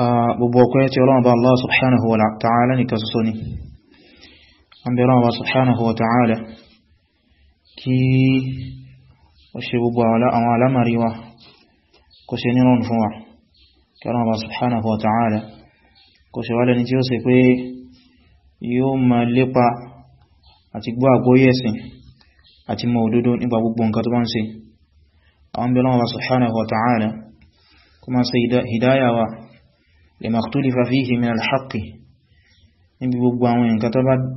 Ah, gbogbo ọkùnrin tí ọlọ́wọ́ bá Allah subhanahu wa ta'ala ní kasuso ni an bẹ̀rẹ̀ Allah subhanahu wa ta'ala kí o ṣe gbogbo àwọn alamari wa kò ṣe ní rọrùn fún wa kí ọlọ́wọ́ bá subhanahu wa ta'ala kò ṣe wálẹ̀ ní tí ó sì pé yóò ma lépa àti gbọ́ àgbóyẹ̀sìn àti mọ̀ òdodo nípa gbogbo nǹkan tó bá ń ṣe àwọn bẹ̀rẹ̀ Allah subhanahu wa ta'ala kuma sai hidayawa lima ikhtulif fihi min al-haqqi níbi gbogbo àwọn nǹkan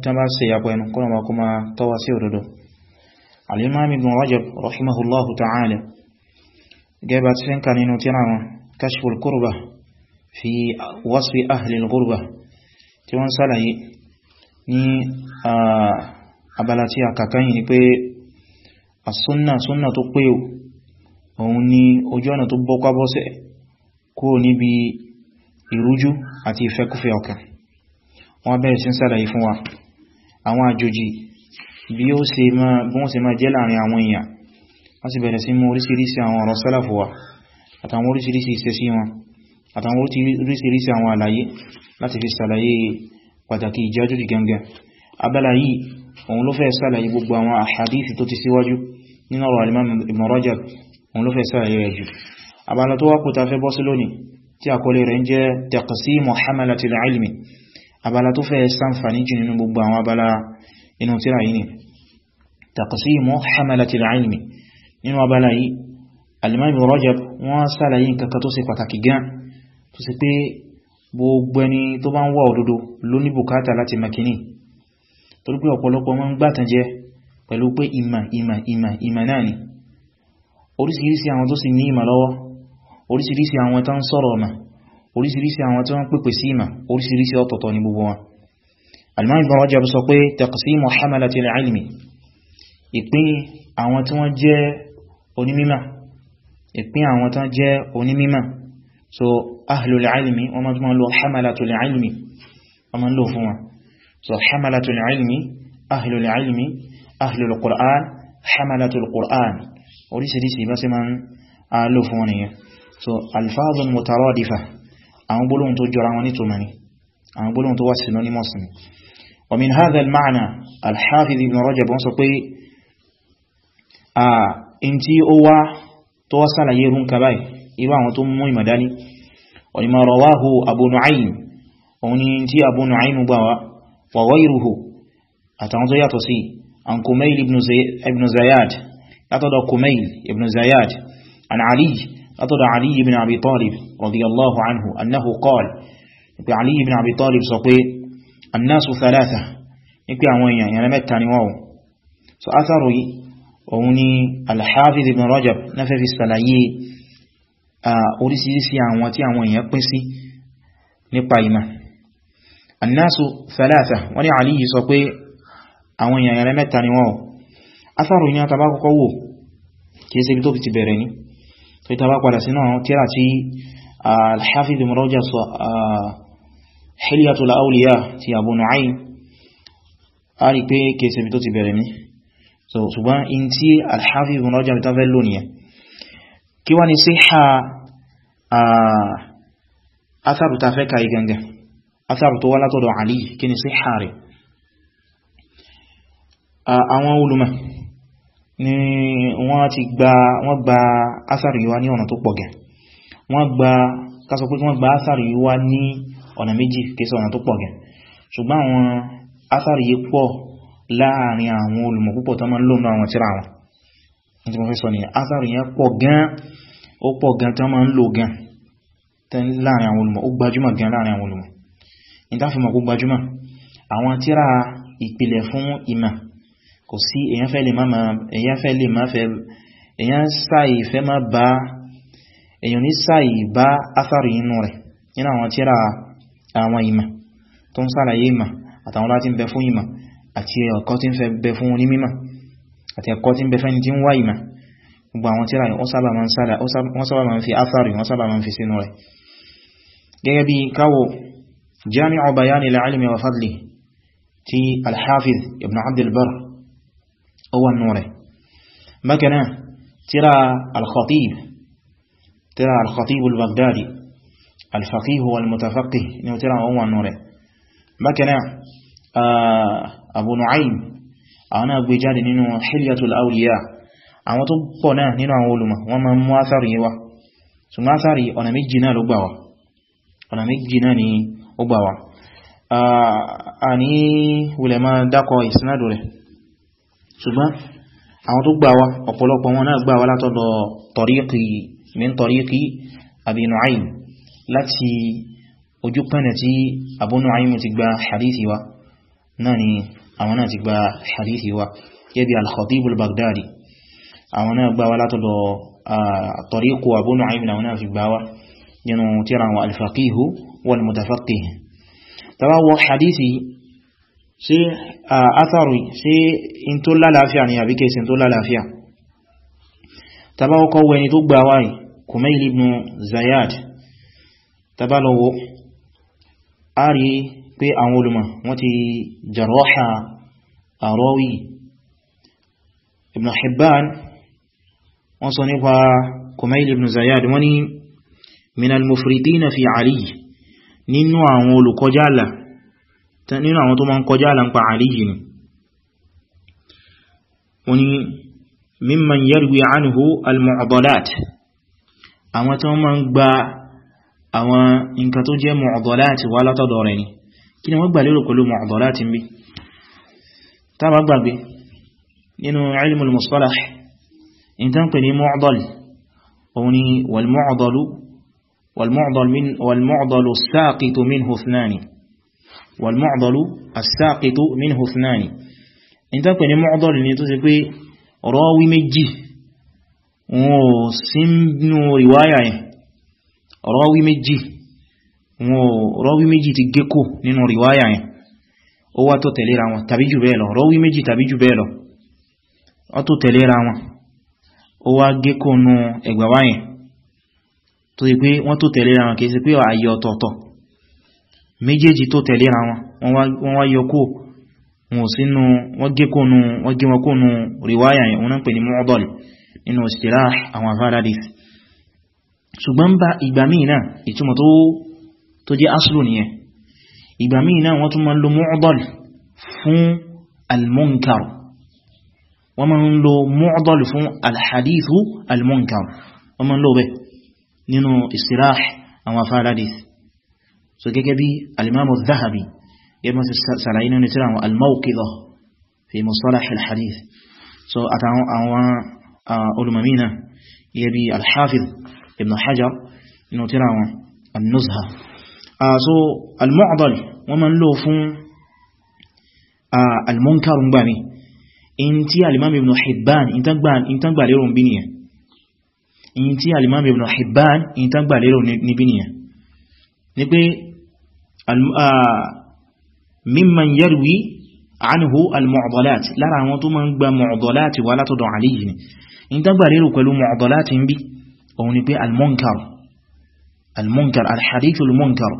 tó bá ṣe yàpọ̀ ẹnu kọ́nà kó ma tọ́wà sí òdodo al-imam ibn rajab rahimahullahu ta'ala gẹ́bà ti fẹ́ǹkà nínú tí náà kashful kurba fi wasfi ahli al-ghurba tí wọ́n sálàyé ní abala kúrò níbi ìrújú àti ìfẹ́kúfẹ́ ọkàn wọ́n bẹ̀rẹ̀ sí ṣàlàyé fún wa àwọn àjòjì bí ó ṣe máa jẹ́ láàrin àwọn èèyàn wọ́n sì bẹ̀rẹ̀ sí mú oríṣiríṣi àwọn ọ̀rọ̀ sálàfù wa àtàwọn oríṣiríṣi ìṣesí wọn àtàwọn oríṣiríṣi àwọn àlàyé láti fi ṣàlàyé pàtàkì ìjájòjì gangan abala yìí òun ló fẹ́ ṣàlàyé gbogbo àwọn àhàdíìsì tó ti síwájú nínú ọ̀rọ̀ Imam Ibn Rajab òun ló fẹ́ ṣàlàyé rẹ̀ jù tí àkọlé rẹ̀ ń jẹ́ taqsimu hamalatil ilmi abala tó fẹ́ ṣàǹfàní jù nínú gbogbo àwọn abala inú tíra yìí ni taqsimu hamalatil ilmi nínú abala yìí alimami rajab wọ́n sàlàyé nǹkan tó ṣe pàtàkì gan tó ṣe pé gbogbo tó bá ń wá òdodo ló ní bùkátà láti makini torí pé ọ̀pọ̀lọpọ̀ wọn ń jẹ pẹ̀lú pé ìmà ìmà ìmà náà ni oríṣiríṣi àwọn tó sì ní ìmà lọ́wọ́ oríṣiríṣi àwọn tán sọ̀rọ̀ ọmọ oríṣiríṣi àwọn tán pèpè sí ìmọ̀ oríṣiríṣi ọ̀tọ̀tọ̀ ní gbogbo wọn Al-Imam Ibn Rajab sọ pé taqsimu hamalati al-ilmi ìpín àwọn tí so ahlul ilmi wọ́n máa tún máa lò hamalatul ilmi wọ́n so hamalatul ilmi ahlul ilmi ahlul qur'an hamalatul qur'an oríṣiríṣi bá sí máa lò fún wọn nìyẹn so alfáàzùn mọ̀tàrọ̀dífà àwọn gbólóhùn tó jọra wọn ní tòmani àwọn gbólóhùn tó wà synonymous ni ومن هذا المعنى الحافظ ابن رجب wọ́n sọ pé in tí ó wá tó wá sàlàyé rún kàbáì irú àwọn tó mú ìmàdání wọ́n ma rawahu Abu Nu'aym òun ni tí Abu Nu'aym gbà wá wa ghayruhu àtàwọn tó yàtọ̀ sí an Kumail ibn Zayad látọ̀dọ̀ Kumail ibn Zayad an Ali látọ̀dọ̀ Ali ibn Abi Talib radiyallahu anhu annahu qal pé Ali ibn Abi Talib sọ pé annasu thalatha ní pé àwọn èèyàn yana mẹ́ta ni wọ́n so atharu yìí òun ni al-Hafiz ibn Rajab na fẹ́ fi sàlàyé orísìírísìí àwọn tí àwọn èèyàn pín sí nípa ìmọ̀ annasu tó ìta bá padà sínú àwọn tíra tí al-Hafiz Ibn Rajab Hilyatul Awliya ti Abu Nu'aym a rí pé kèsèbí tó ti bẹ̀rẹ̀ ní so ṣùgbọ́n in tí al-Hafiz Ibn Rajab ta fẹ́ lónìí kí wá ní síhà atharu ta fẹ́ kàí gangan atharu tó wá látọ̀dọ̀ Ali kí ni síhà rẹ̀ àwọn ulama ni wọ́n ti gba wọ́n gba asari yíwá ní ọ̀nà tó pọ̀ gẹ̀ wọ́n gba kásọ pé wọ́n gba asari yíwá ní ọ̀nà méjì kéṣe ọ̀nà tó pọ̀ gẹ̀ ṣùgbọ́n àwọn asari pọ̀ láàrin àwọn olùmọ̀ púpọ̀ tó máa ń lónà àwọn tíra wọn ni asari yẹn pọ̀ gan ó pọ̀ gan tó máa ń lò gan láàrin àwọn olùmọ̀ ó gbajúmọ̀ gan láàrin àwọn olùmọ̀ kò sí èyàn fẹ́ lè máa fẹ́ èyàn sáì fẹ́ má bá èyàn ní sáì bá afárí inú rẹ̀ nínú àwọn tíra àwọn ìmọ̀ tó ń sàlàyé ìmọ̀ àtàwọn láti ń bẹ fún ìmọ̀ àti ẹ̀kọ́ tí ń fẹ́ bẹ fún onímímọ̀ àti ẹ̀kọ́ tí ń bẹ fẹ́ni tí ń wá ìmọ̀ gbogbo àwọn tíra wọ́n sábà máa ń fi afárí wọ́n sábà máa ń fi sínú rẹ̀ gẹ́gẹ́ bí káwọ̀ jami'u bayani al wa fadli ti al ibn abdul barr هو النور بكنا ترى الخطيب ترى الخطيب البغدادي الفقيه والمتفقه انه ترى هو النور بكنا ابو نعيم انا ابو جاد انه حليه الاولياء àwọn tó pọ̀ náà nínú àwọn olùmọ̀ wọ́n máa mú àtàrí wá ṣùgbọ́n àtàrí ọ̀nà méjì náà ló gbà wá ọ̀nà méjì náà ni ó gbà wá a ní wùlẹ̀ máa dákọ̀ ìsinádò rẹ̀ ṣùgbọ́n àwọn tó gbà wá ọ̀pọ̀lọpọ̀ wọn náà gbà wá látọ̀dọ̀ tariqi min tariqi Abi Nu'aym láti ojú pẹ́nẹ̀ tí Abu Nu'aym ti gba hadithi wa náà ni àwọn náà ti gba hadithi wa yẹ́bi al baghdadi àwọn náà gbà wá látọ̀dọ̀ tariqu náà fi gbà ṣe atharu ṣe in tó lálàáfíà ni àbí kèsì tó lálàáfíà tàbá ọkọ̀ wẹni tó gbà wáyì Kumail ibn Zayad tàbá lọ́wọ́ a rí pé àwọn olùmọ̀ wọ́n ti jarraha àrọ́wì ibn Hibban wọ́n sọ nípa Kumail ibn Zayad wọ́n ni min mufridina fi Ali nínú àwọn olùkọjá àlà nínú àwọn tó ma ń kọjá àlàǹpa àríyìn ni o ni mimman yarwi anhu al-mu'adalat àwọn tó ma ń gba àwọn nǹkan tó jẹ́ mu'adalat wà látọ̀dọ̀ rẹ̀ ni kí ni wọ́n gbà lérò pẹ̀lú mu'adalat ń bí tàbà gbàgbé nínú ilmul mustalah والمعضل الساقط منه اثنان انت كو ني معضل ني تو سي بي راوي méjì wọ́n sínú riwaya yẹn rawi méjì wọ́n rawi méjì ti geko nínú riwaya yẹn ó wá tó tẹ̀léra wọn tàbí jù bẹ́ẹ̀ lọ rawi méjì tàbí jù bẹ́ẹ̀ lọ ó tó tẹ̀léra wọn ó wá geko nu ẹgbàwá yẹn tó sì pé wọ́n tó tẹ̀léra wọn kìí sí pé àyè ọ̀tọ̀ọ̀tọ̀ méjèèjì tó tẹ̀léra wọn wọ́n wá yọkó wọn sínú wọ́n gé wọn kónú ríwáyà yẹn wọ́n pè ní mu'dal nínú ìsìlá àwọn afáradì ṣùgbọ́n bá ìgbà míì náà ìtumọ̀ tó jẹ́ aslu nìyẹn ìgbà míì náà wọ́n tún máa ń lo mu'dal fún al-munkar so gẹ́gẹ́ bí alimamu zahabi gẹ́gẹ́ sí sàlàyé nínú tíra àwọn almaukido fi musalah alhadith so àtàwọn àwọn olùmọ̀mínà gẹ́gẹ́ bí alhafiz ibn hajar nínú tíra àwọn annuzha so almu'adal wọ́n ma ń lò fún almunkarun gbà ní in tí alimami ibn hibban in tán gbà lérò bí nìyàn in tí alimami ibn hibban in tán gbà lérò ní bí ni pé آه، ممن يروي عنه المعضلات لا راه مو تمن غبا معضلات ولا تدع علي انت بريرو كلو معضلات بي او ني بي المنكر المنكر الحديث المنكر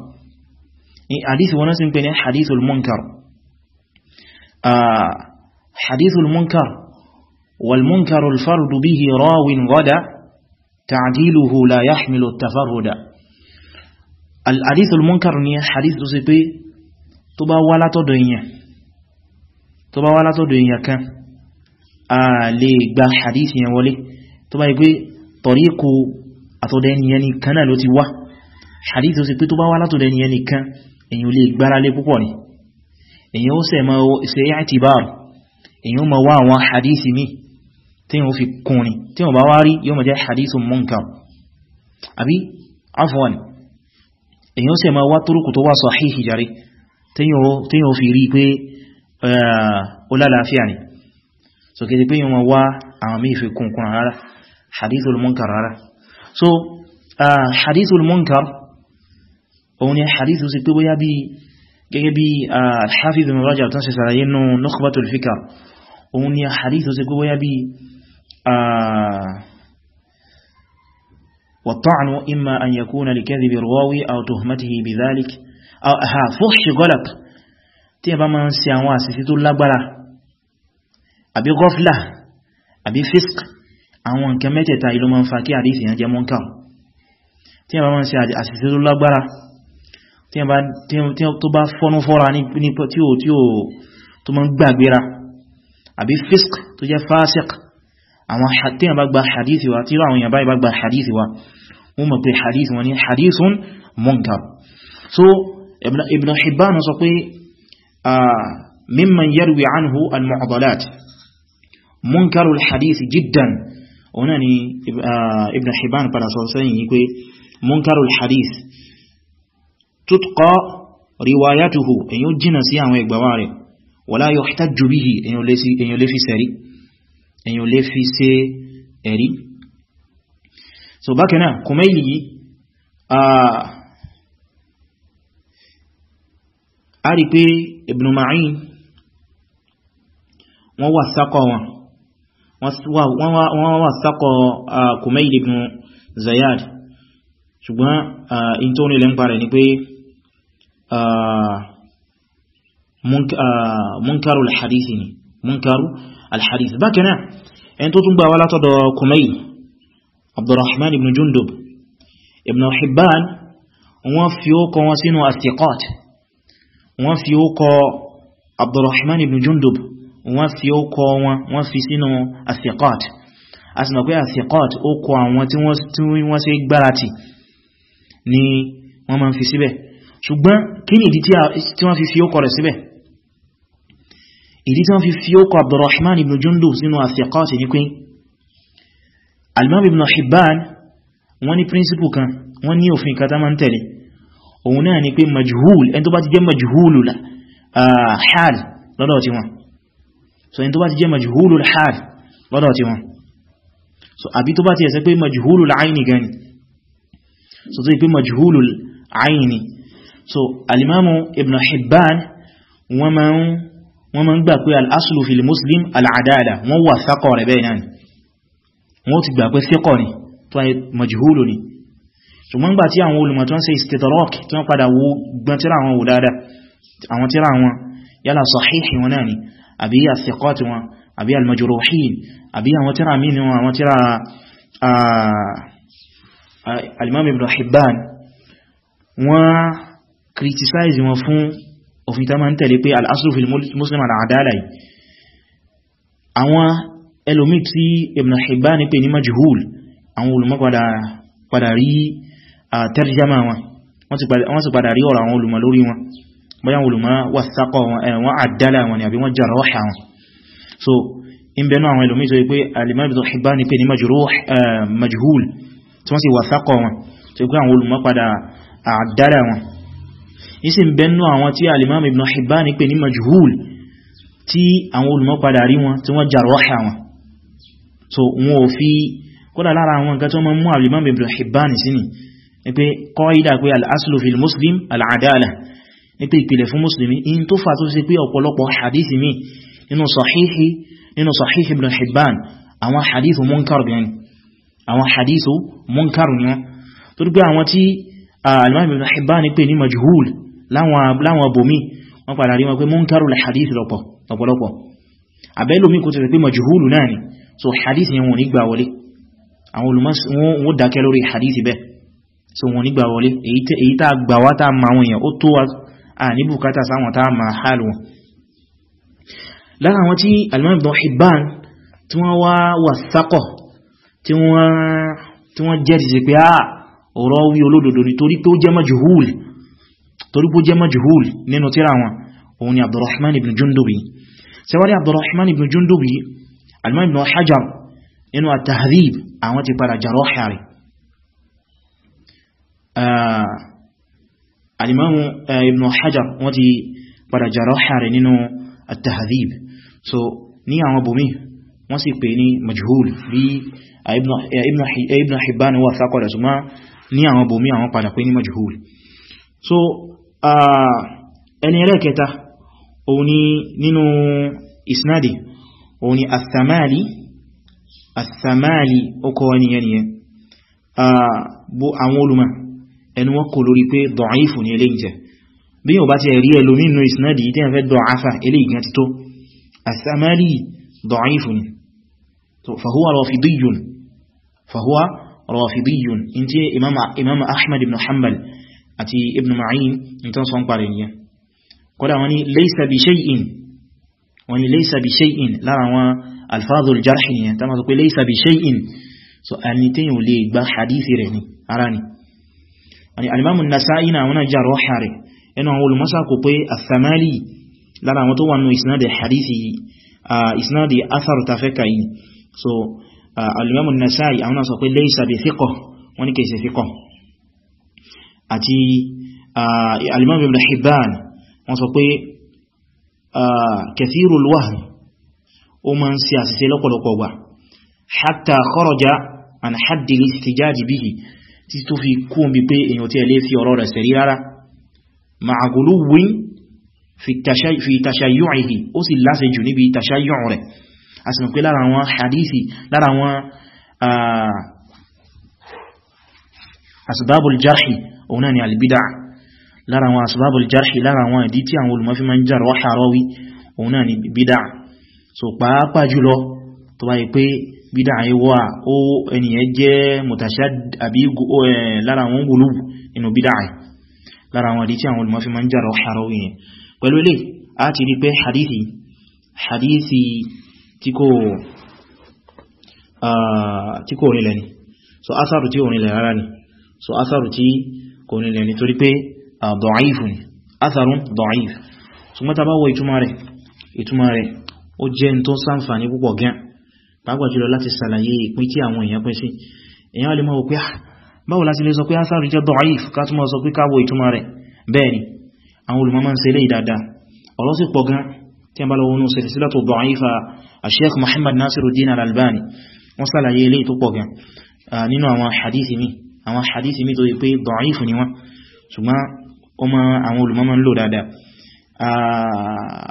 اي حديث وانا سين بين حديث المنكر ا آه، حديث المنكر والمنكر الفرد به راو غدا تعديله لا يحمل التفرد al-hadithul munkar ni hadith tó ṣe pé tó bá wá látọ̀dọ̀ èèyàn tó bá wá látọ̀dọ̀ èèyàn kan a lè gba hadith yẹn wọlé tó bá yí pé tọ̀ríkù àtọ̀dọ̀ ẹniyàn nìkan náà ló ti wá hadith tó ṣe pé tó bá wá látọ̀dọ̀ ẹniyàn nìkan èyàn lè gbára lé púpọ̀ ni èyàn ó sẹ̀ ma ṣe i'tibar èyàn ma afwan èyàn sì máa wá túrùkù tó wá sahihi jàre tíyàn fi rí pé ó lálàáfíà ni so kìí pé yíò wá àwọn mí fi kùnkùn rárá hadithul munkar rárá so hadithul munkar òun ni hadithu sí pé bóyá bí gẹ́gẹ́ bí al-Hafiz ibn Rajab tán sì والطعن إما أن يكون لكذب الراوي أو تهمته بذلك أو ها فحش غلط تيبا من سيانوا سيسيتو لبرا أبي غفلة أبي فسق àwọn nǹkan mẹ́tẹ̀ẹ̀ta ìlú ma ń fa kí àdísì yẹn jẹ mọ́nká tí a bá máa ń ṣe àṣìṣe tó lágbára tí ó bá fọ́nú fọ́ra ní tí ó tó máa ń gbàgbéra àbí fisk tó jẹ́ fásík àwọn tíyàn bá gba hadithi wa tíra àwọn èèyàn báyìí bá gba hadithi wa wọ́n mọ̀ pé hadith wọn ni hadithun munkar so ibn hibban sọ pé mimman yarwi anhu al-mu'adalat munkarul hadith jiddan ọ̀nà ni ibn hibban padà sọ sẹ́yìn yí pé munkarul hadith tutqa riwayatuhu èyàn jìnà sí àwọn ìgbàwà rẹ̀ wala yuhtajju bihi èyàn lè fi sẹ̀rí èyàn lè fi ṣe ẹ̀rí so bákanáà Kumaili yìí a rí pé Ibn Ma'in wọ́n wà sákọ̀ wọn wọ́n wà sákọ̀ Kumaili ibn Zayad ṣùgbọ́n in tó nílẹ̀ ń parẹ̀ ni pé munkarul hadithi ni munkaru alhadith bákanáà ẹni tó tún gbà wá látọ̀dọ̀ kumail abdurrahman ibn jundub ibn hibban wọ́n fi ó kọ wọn sínú astiqat wọ́n fi ó kọ abdurrahman ibn jundub wọ́n fi ó kọ wọn wọ́n fi sínú astiqat a sì mọ̀ pé astiqat ó kọ àwọn tí wọ́n ṣe gbárati ni wọ́n máa fi síbẹ̀ ṣùgbọ́n kí ni ìdí tí wọ́n fi fi ó kọ síbẹ̀ ìdí tí wọ́n fi fi ókọ Abdurrahman ibn Jundub sínú àfẹ́kọ́tì ní pín Al-Imam ibn Hibban wọ́n ní príncipù kan wọ́n ní òfin kata ma ń tẹ̀lé òun náà ni pé majhul ẹni tó bá ti jẹ́ majhulul uh, hal lọ́dọ̀ tí wọn so ẹni tó bá ti jẹ́ majhulul hal lọ́dọ̀ tí so àbí tó bá ti ẹ̀sẹ́ pé majhulul aini gani so tó yí pé majhulul aini so Al-Imam ibn Hibban wọ́n máa ń wọ́n ma ń gbà pé al'aslu fil muslim al'adala wọ́n wà sákọ̀ rẹ̀ bẹ́ẹ̀ náà ni wọ́n ti gbà pé síkọ̀ ni tó ayé majhúlù ni ṣùgbọ́n gbà tí àwọn olùmọ̀ tó ń ṣe istitraq tí wọ́n padà wo gbọ́n tíra àwọn wò dáadáa àwọn tíra àwọn yálà sahihi wọn náà ni àbí òfin tá máa ń tẹ̀lé pé al-aslu fil muslim al-adala yìí àwọn ẹlòmí tí Ibn Hibban ní pé ní majhul àwọn olùmọ́padà padà rí tarjama wọn wọ́n sì padà rí ọ̀rọ̀ àwọn olùmọ̀ lórí wọn bóyá olùmọ̀ so in bẹnu àwọn ẹlòmí tó yí pé al-Imam Ibn Hibban ní pé ní majhul tí wọ́n sì ìsìn bẹnu àwọn tí alimam ibn Hibban pè ní majhul tí àwọn olùmọ́padà rí wọn tí wọ́n jarọ́ṣà wọn so wọn ò fi kódà lára àwọn nǹkan tó mọ́ mú alimam ibn Hibban sí ni ni pé kọ́ídà pé al'aslu fil muslim al'adala ni pé ìpìlẹ̀ fún musulmi in tó fà tó sí pé ọ̀pọ̀lọpọ̀ hadithi mi nínú sahihi nínú sahihi Ah, alimami ibn Hibban pè ní majhul láwọn bomi wọ́n padà rí wọn pé munkarul hadith lọ́pọ̀lọpọ̀ abẹ́lómi kò tẹ̀sẹ̀ pé majhul náà ni so hadith yẹn wọn ní gbà wọlé àwọn olùmọ́sùn so wọn ní gbà wọlé èyí tá gbà wá tá ma wọn yẹn ó tó wa a ní bùkátà sáwọn tá ma hálù wọn lára àwọn tí alimami ibn Hibban tí wọ́n wá wà sákọ̀ jẹ́ ti pé ah ọ̀rọ̀ wí olódodo torí pé ó jẹ́ majhul torí pé ó jẹ́ majhul nínú tíra wọn òun ni abdurrahman ibn jundubi sẹwárí abdurrahman ibn jundubi alimọ́ ibn hajar nínú at-tahdhib àwọn ti padà jarọ́ hàrí ah, alimọ́ eh, ibn hajar wọ́n ti padà jarọ́ hàrí nínú at-tahdhib so ní àwọn bùnmí wọ́n sì pè ní majhul bí eh, eh, ibn hibban wà sákọ̀lẹ̀ ṣùgbọ́n ní àwọn bòmí àwọn padà pé ní majhul so ẹni ẹlẹ́kẹta òun ni nínú isnadi òun ni athamali athamali ọkọ̀ ẹniyẹniyẹ bó àwọn olùmọ̀ ẹnu wọ́n kò lórí pé dọ̀ífù ní ilé ìjẹ bí yóò bá ti rí ẹlòmí nínú isnadi tí wọ́n fẹ́ dọ̀áfà ilé ìgbẹ́ tító athamali dọ̀ífù ni فهو رافضي فهو rọ̀fìdíyù in tí imam ahmad ibn hanbal àti ibn ma'in in tán sọ ń parẹ̀ nìyẹn kọ́dá wani laysa bi shay'in wani laysa bi shay'in lára wọn alfadhul jarhi nìyẹn tá ma sọ pé laysa bi shay'in so ẹni tí yíò lè gba hadithi rẹ̀ ní ara ni wani alimamun nasa'i na wọn jà rọ́ha rẹ̀ ẹnu àwọn olùmọ́sá kò pé athamali lára wọn tó wà nù isnadi hadithi isnadi athar tafẹ́ka yìí so al-Imam an-Nasa'i àwọn náà sọ pé laysa bi thiqah wọ́n ní kèsè thiqah àti al-Imam ibn Hibban wọ́n sọ pé kathirul wahm ó máa ń sí àṣìṣe lọ́pọ̀lọpọ̀ wà hatta kharaja an haddi al-ihtijaj bihi tí tó fi kún bí pé èyàn tí ẹ fi ọ̀rọ̀ rẹ̀ sẹ̀rí rárá ma'a guluwin fi tashayyu'ihi ó sì láṣe jù níbi tashayyu'u rẹ̀ a sì mọ̀ pé lára àwọn hadithi lára àwọn asbabul jarhi òun náà ni albida lára àwọn asbabul jarhi lára àwọn ìdí tí àwọn olùmọ́fí ma ń jar wá harawi òun náà ni bida so pàápàá jùlọ tó bá yí pé bida yí wà ó ẹniyàn jẹ́ mọ̀tàṣá àbí lára àwọn gulubu inú bida lára àwọn ìdí tí àwọn olùmọ́fí tí kò rí ah, lẹ́ni so asaru tí ò rí ni so asaru tí kò rí lẹ́ni torí pé ah, dọ̀ífù ni asarun dọ̀ífù so mẹ́ta bá wọ ìtumọ̀ rẹ̀ ìtumọ̀ rẹ̀ ó jẹ́ tó ṣàǹfààní púpọ̀ gan pàápàá jùlọ láti ṣàlàyé ìpín tí àwọn èèyàn pín sí èèyàn lè mọ̀ wò pé ah, báwo láti lè sọ pé asaru jẹ́ dọ̀ífù ká túnmọ̀ sọ pé káwọ ìtumọ̀ rẹ̀ bẹ́ẹ̀ ni àwọn olùmọ̀ ń ṣe eléyìí dáadáa ọ̀rọ̀ sì pọ̀ gan tí a bá lọ́wọ́ ní silsilatu da'ifa Sheikh Muhammad Nasiruddin Al-Albani wọ́n sàlàyé ilé tó pọ̀ gan nínú àwọn hadithi mi àwọn hadithi mi tó yí pé da'ifu ni wọ́n ṣùgbọ́n ọmọ àwọn olùmọ́mọ́ ń lò dáadáa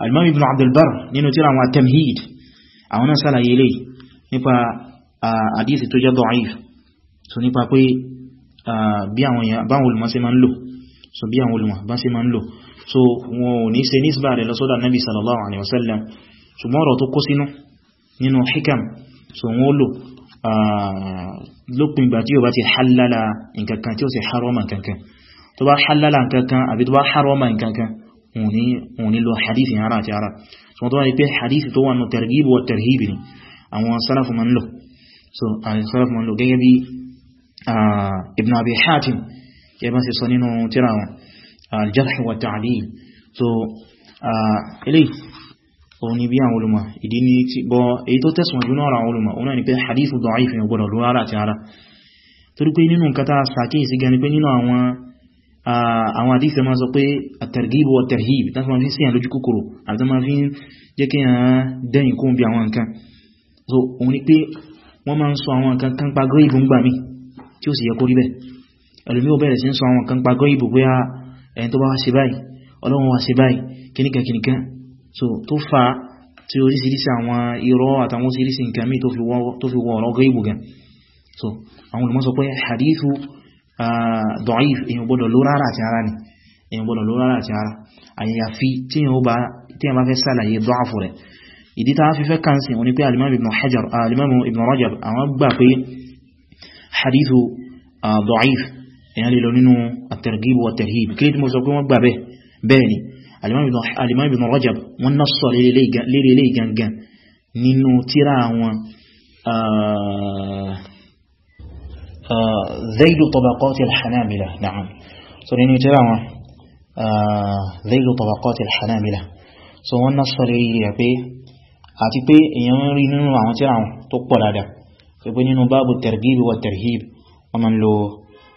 Al-Imam Ibn Abd al-Barr nínú tírà àwọn At-Tamhid àwọn náà sàlàyé ilé nípa hadithi tó so wọn ò ní ṣe nísbà rẹ̀ lọ́sọ́dọ̀ nabi sallallahu alaihi wasallam ṣùgbọ́n ọ̀rọ̀ tó kó sínú nínú hikam so wọ́n lò lópin ìgbà tí ó bá ti halala nkankan tí ó sì haroma nkankan tó bá halala nkankan àbí tó bá haroma nkankan òun nílò hadithi ara àti ara so wọ́n tó wá ní pé hadithi tó wà nù targhibu wa tarhibi ni àwọn sálàfù ma ń so àwọn sálàfù ma ń lò gẹ́gẹ́ bí ibn abi hatim kẹ́ bá sì sọ nínú tíra al-jarh ah, wa ta'dil so ilé ah, òun ni bí àwọn olùmọ̀ ìdí ní ti bọ́ èyí tó tẹ̀sùn jù náà àwọn olùmọ̀ òun ni pé hadith da'if ní ọgbọ̀dọ̀ lórí ara àti ara torí pé nínú nǹkan tá sàkíyèsí gan ni pé nínú àwọn ah, àwọn hadith ma sọ pé at-targhib wa at-tarhib tá fi sí àlójú kòkòrò àti tá fi a dẹ́yìn kún bí àwọn nǹkan so òun ni pé wọ́n máa ń sọ àwọn nǹkan kan pa gọ́ ìbò ń gbà mí tí ó sì yẹ kó rí bẹ́ẹ̀ ẹlòmí ò bẹ̀rẹ̀ sí ń sọ àwọn nǹkan pa gọ́ ìbò ẹni tó bá wá ṣe báyìí ọlọ́run wá ṣe báyìí kìníkà kìníkà so tó fa tí oríṣiríṣi àwọn irọ́ àtàwọn oríṣiríṣi nǹkan míì tó fi wọ ọ̀rọ̀ gẹ́gbù gan so àwọn olùmọ̀ sọ pé hadithu da'if èyàn gbọ́dọ̀ ló rárá àti ara ni èyàn gbọ́dọ̀ ló rárá àti ara àyàfi tí èyàn bá fẹ́ sàlàyé dọ́àfù rẹ̀ ìdí ta fi fẹ́ kànsìn wọn ni pé alimam ibn rajab àwọn gbà pé hadithu da'if èyàn lè lọ nínú àtẹ̀rẹ̀gíbò àtẹ̀rẹ̀hìbì kí lè tí mo sọ pé wọ́n gbà bẹ́ẹ̀ bẹ́ẹ̀ ni alimam ibn rajab wọ́n ná sọ lérí ilé gangan nínú tíra àwọn ah, ah, zaidu tabaqati alhanamila na'am so nínú tíra àwọn ah, zaidu tabaqati alhanamila so wọ́n ná sọ lérí ilé pé àti pé èyàn rí nínú àwọn tíra àwọn tó pọ̀ dáadáa nínú báàbù tẹ̀rẹ̀gíbì wa wọ́n máa lo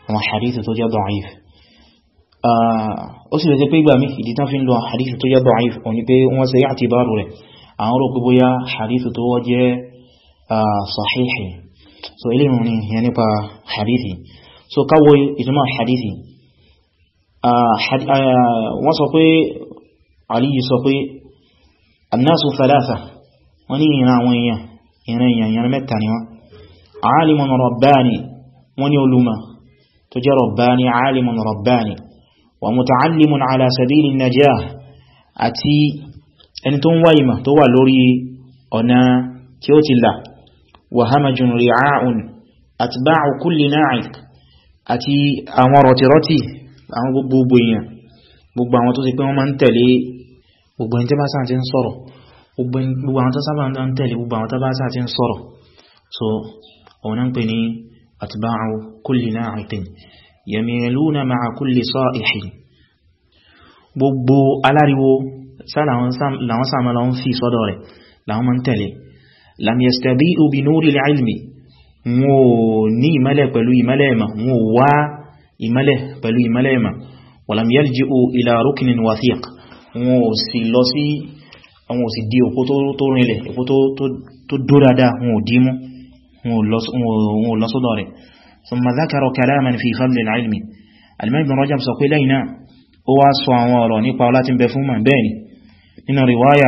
àwọn hadith tó jẹ́ da'if ah, ó sì lè jẹ́ pé ìgbà mí ìdí tán fi ń lo hadith tó jẹ́ da'if ó ní pé wọ́n ṣe yàtì bá rẹ̀ àwọn rò gbogbo ya hadith tó wọ́n jẹ́ sahihi so ilé ìrùn ni yẹn olùmọ̀ تجي رباني عالم رباني ومتعلم على سبيل النجاح أتي أن تنويمة توا لوري أنا كيوتلا وهمج رعاء أتباع كل ناعق أتي أمرت رتي أمر بوبويا gbogbo àwọn tó ti pé wọ́n máa ń tẹ̀lé gbogbo ẹni tí bá sáà ti ń sọ̀rọ̀ gbogbo àwọn tó sábà ń tẹ̀lé gbogbo àwọn tó bá sáà ti ń sọ̀rọ̀ so òun ń pè ní أتباع كل ناعق يميلون مع كل صائح gbogbo aláriwo láwọn sáàmà lọ ń fi sọ́dọ̀ rẹ̀ láwọn máa ń tẹ̀lé lam yastabi'u bi nuril ilmi wọn ò ní ìmẹ́lẹ̀ pẹ̀lú ìmẹ́lẹ̀ ẹ̀mà wọn ò wá ìmẹ́lẹ̀ pẹ̀lú ìmẹ́lẹ̀ ẹ̀mà walam yalji'u ila ruknin wathiq wọn ò sì lọ sí àwọn òsì di òpó tó rinlẹ̀ òpó tó dó dáadáa wọn ò dí mú wọn lọ sọ́dọ̀ rẹ̀ ثم ذكر كلاما في فضل العلم Al-Imam Ibn Rajab sọ pé lẹ́yìn náà ó wá sọ àwọn ọ̀rọ̀ nípa ọlá tí ń bẹ fún mọ̀ bẹ́ẹ̀ ni nínú riwaya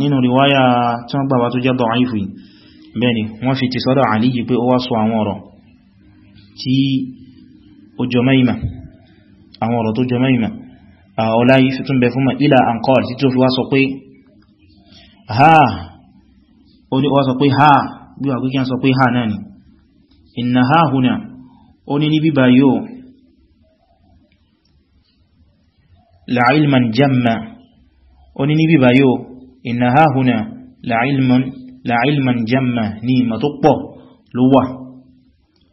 nínú riwaya tí wọ́n gbàwà tó jẹ́ da'ifu bẹ́ẹ̀ ni wọ́n fi ti sọ́dọ̀ ha bí wà kíkẹ́ sọ pé ha náà ni inna ha huna ó ní níbi bá yóò la'ilman jamma ó ní níbi bá yóò inna ha huna la'ilman jamma ní ìmọ̀ tó pọ̀ ló wà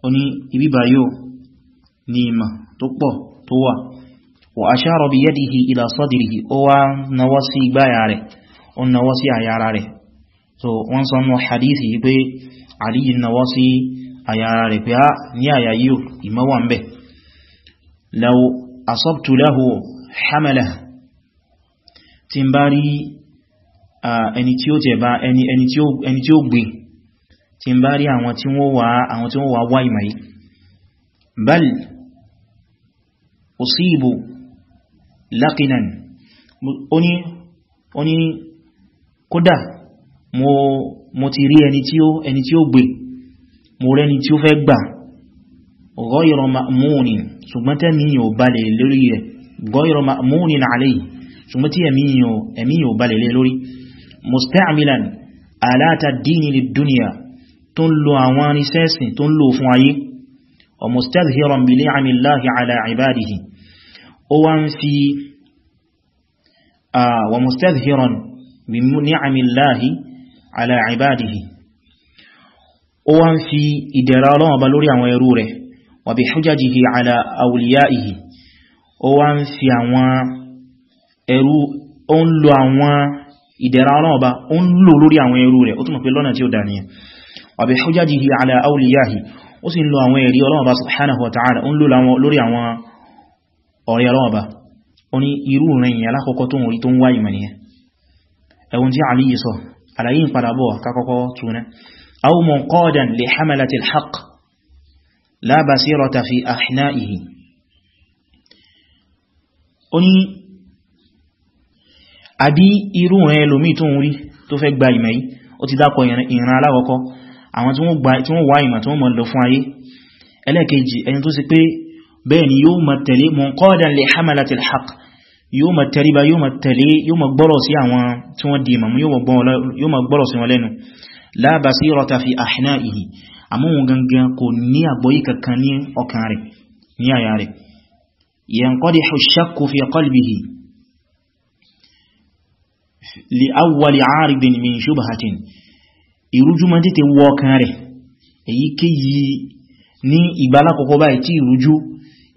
ó ní ibi yóò ní ìmọ̀ tó pọ̀ tó wà wa ashara bi yadihi ila sadrihi ó wá nawasi gbáyà rẹ̀ ó nawasi àyàrá rẹ̀ so wọ́n sọ mọ́ hadithi yí pé aliyu nawọ́ sí àyà rẹ̀ pé á ah, ní àyà yíò ìmọ́wà ń bẹ̀ law asabtu lahu hamala tí ń bá rí ẹni tí ó tẹ̀bá ẹni tí ó gbé tí ń bá rí àwọn tí wọ́n wà wá ìmọ̀ yìí bal kódà mo ti rí ẹni tí ó gbé mo rẹni tí ó fẹ́ gbà ghayra ma'munin ṣùgbọ́n tẹ́mi yóò balẹ̀ lórí rẹ̀ ghayra ma'munin alayhi ṣùgbọ́n tí ẹ̀mí yóò balẹ̀ lórí musta'milan alata dini lid-dunya tó ń lo àwọn anisẹ́sìn tó ń lo fún ayé wa mustadhiran bi ni'amillahi ala ala ibadihi o wá ń fi ìdẹ̀ra Ọlọ́run Ọba lórí àwọn ẹrú rẹ̀ wa ala awliyaihi ó wá ń fi àwọn ẹrú ó ń lo àwọn ìdẹ̀ra Ọlọ́run Ọba ó ń lò lórí àwọn ẹrú rẹ̀ ó túnmọ̀ pé lọ́nà tí ó dà ala awliyaihi o sì n lo àwọn ẹ̀rí Ọlọ́run Ọba subhanahu wa ta'ala ó ń lo lórí àwọn ọ̀rẹ́ Ọlọ́run Ọba ó ní irú rẹ̀ yìí alákọ̀ọ́kọ́ tó ń wáyìí mọ̀ ẹ̀wọ̀n àlàyé ń padà bọ̀ kakọ́kọ́ túnẹ́ aw munqadan li hamalati al-haqq la basirata fi ahna'ihi ó ní àbí irú rẹ̀ lómi tó ń rí tó fẹ́ gba ìmẹ̀ yìí ó ti dákọ̀ ìran alákọ̀ọ́kọ́ àwọn tí wọ́n wá ìmọ̀ tí mọ̀ lọ fún ayé ẹlẹ́ẹ̀kejì ẹni tó sì pé bẹ́ẹ̀ ni yóò mọ̀ tẹ̀lé munqadan li hamalati al-haqq yóò ma tẹríba yóò ma tẹ̀lé yóò ma gbọ́rọ̀ sí àwọn tí wọ́n di ìmàmú yóò ma gbọ́rọ̀ sí wọn lẹ́nu la basirata fi ahna'ihi àmúhun gangan kò ní àgbọ́yí kankan ní ọkàn rẹ̀ ní àyà rẹ̀ yanqadihu shakku fi qalbihi li awwali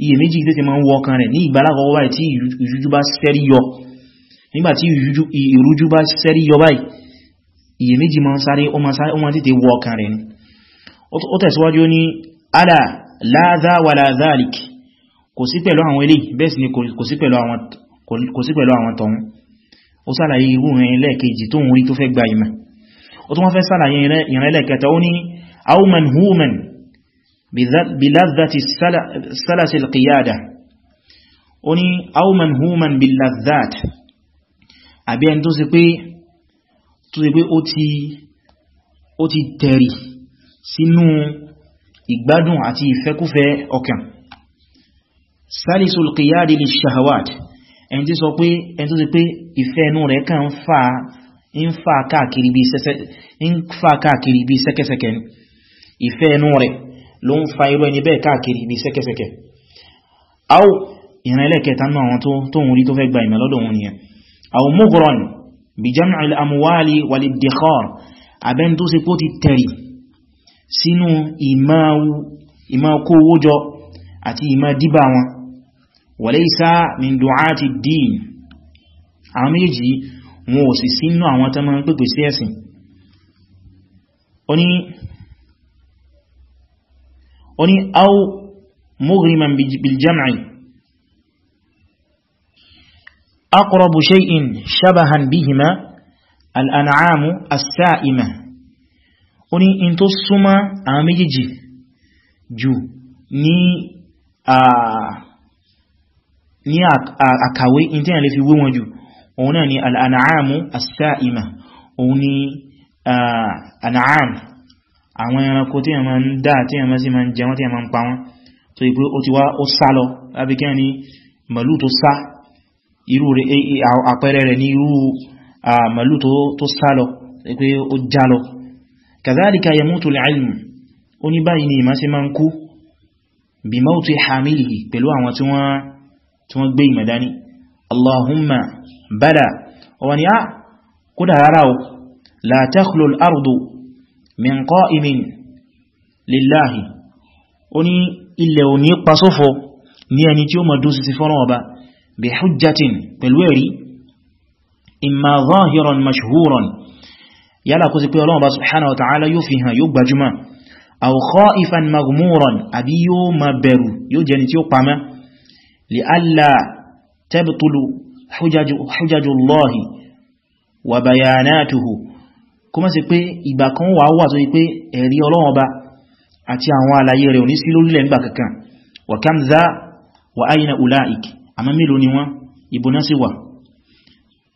iye méjì tètè máa ń wọ ọkàn rẹ̀ ní ìgbàlákọ̀ọ́wà tí ìrújú bá sẹ́rí yọ nígbàtí ìrújú bá sẹ́rí yọ báyìí iye méjì máa ń sáré ó máa tètè wọ ọkàn rẹ̀ ni ó tẹ̀síwájú ní ala láàdá wà láàdáàlìkì kò sí pẹ̀lú àwọn ilé bẹ́ẹ̀ sì ni kò sí pẹ̀lú àwọn tọ̀hún ó sàlàyé irú ìrìn lẹ́ẹ̀kejì tó ń rí tó fẹ́ gba ìmọ̀ ó tún بلذة السلس القيادة أني أو منهوما باللذات أبي أن تسيقي تسيقي أتي أتي تري sínú ìgbádùn àti ìfẹ́kúfẹ́ ọkàn salisul qiyadi li shahawat ẹni tí sọ pé ẹni tó ti pé ìfẹ́ inú rẹ̀ kàn ń fà ń fà káàkiri bí sẹ́kẹ́sẹ́kẹ́ ìfẹ́ inú rẹ̀ ló ń fa irú ẹni bẹ́ẹ̀ káàkiri bí sẹ́kẹsẹ́kẹ aw ìrìnlẹ́kẹta náà wọn tó ń rí tó fẹ́ gba ìmẹ̀ lọ́dọ̀ wọn nìyẹn aw mughran bi jam'il amwali wal iddikhar abẹ́n tó se kó ti tẹ̀rì sínú ìmá kówó jọ àti ó ní au mughriman bil jam'i aqrabu shay'in shabahan bihima al'an'amu as-sa'ima ó ní in tó súnmọ́ àwọn méjèèjì jù ní ní àkàwé in tí a lè fi wé wọn jù òun náà ni al'an'amu as-sa'ima òun ni an'am àwọn ẹranko tí ẹ̀mọ́ ń dá tí ẹ̀mọ́ sí ma ń jẹun tí ẹ̀mọ́ ń pa wọn tó ipé ó ti wá ó sá lọ lábí kẹ́ ni màlúù tó sá irú rẹ̀ e, e, àpẹẹrẹ rẹ̀ ní irú màlúù tó sá lọ pé ó já lọ kàzálìkà yamutu al-ilm ó ní báyìí ni ìmá sí ń kú bí mauti hamilihi pẹ̀lú àwọn tí wọ́n gbé ìmọ̀dání allahumma bada wani a ah, kúdà rárá o la min qa'imin lillahi ó ní ilẹ̀ ò ní pasófò ní ẹni tí ó mọ̀ dúsí sí fọ́nà ọba bí hujjatin pẹ̀lú ẹ̀rí imma zahiran mashhuran yálà kó sí pé ọlọ́wọ́ bá subhanahu wa ta'ala yóò fi hàn yóò gbajúmọ̀ aw kha'ifan maghmuran àbí yóò ma bẹ̀rù yóò jẹni tí ó pamẹ́ li alla tabtulu hujjaju Allahi wa bayanatuhu kó má ṣe pé ìgbà kan wà wà tó yí pé ẹ̀rí Ọlọ́run Ọba àti àwọn àlàyé rẹ̀ òní sí lórílẹ̀ nígbà kankan wà kam dha wà ayna ulaik àmọ́ mélòó ni wọ́n ibo náà wà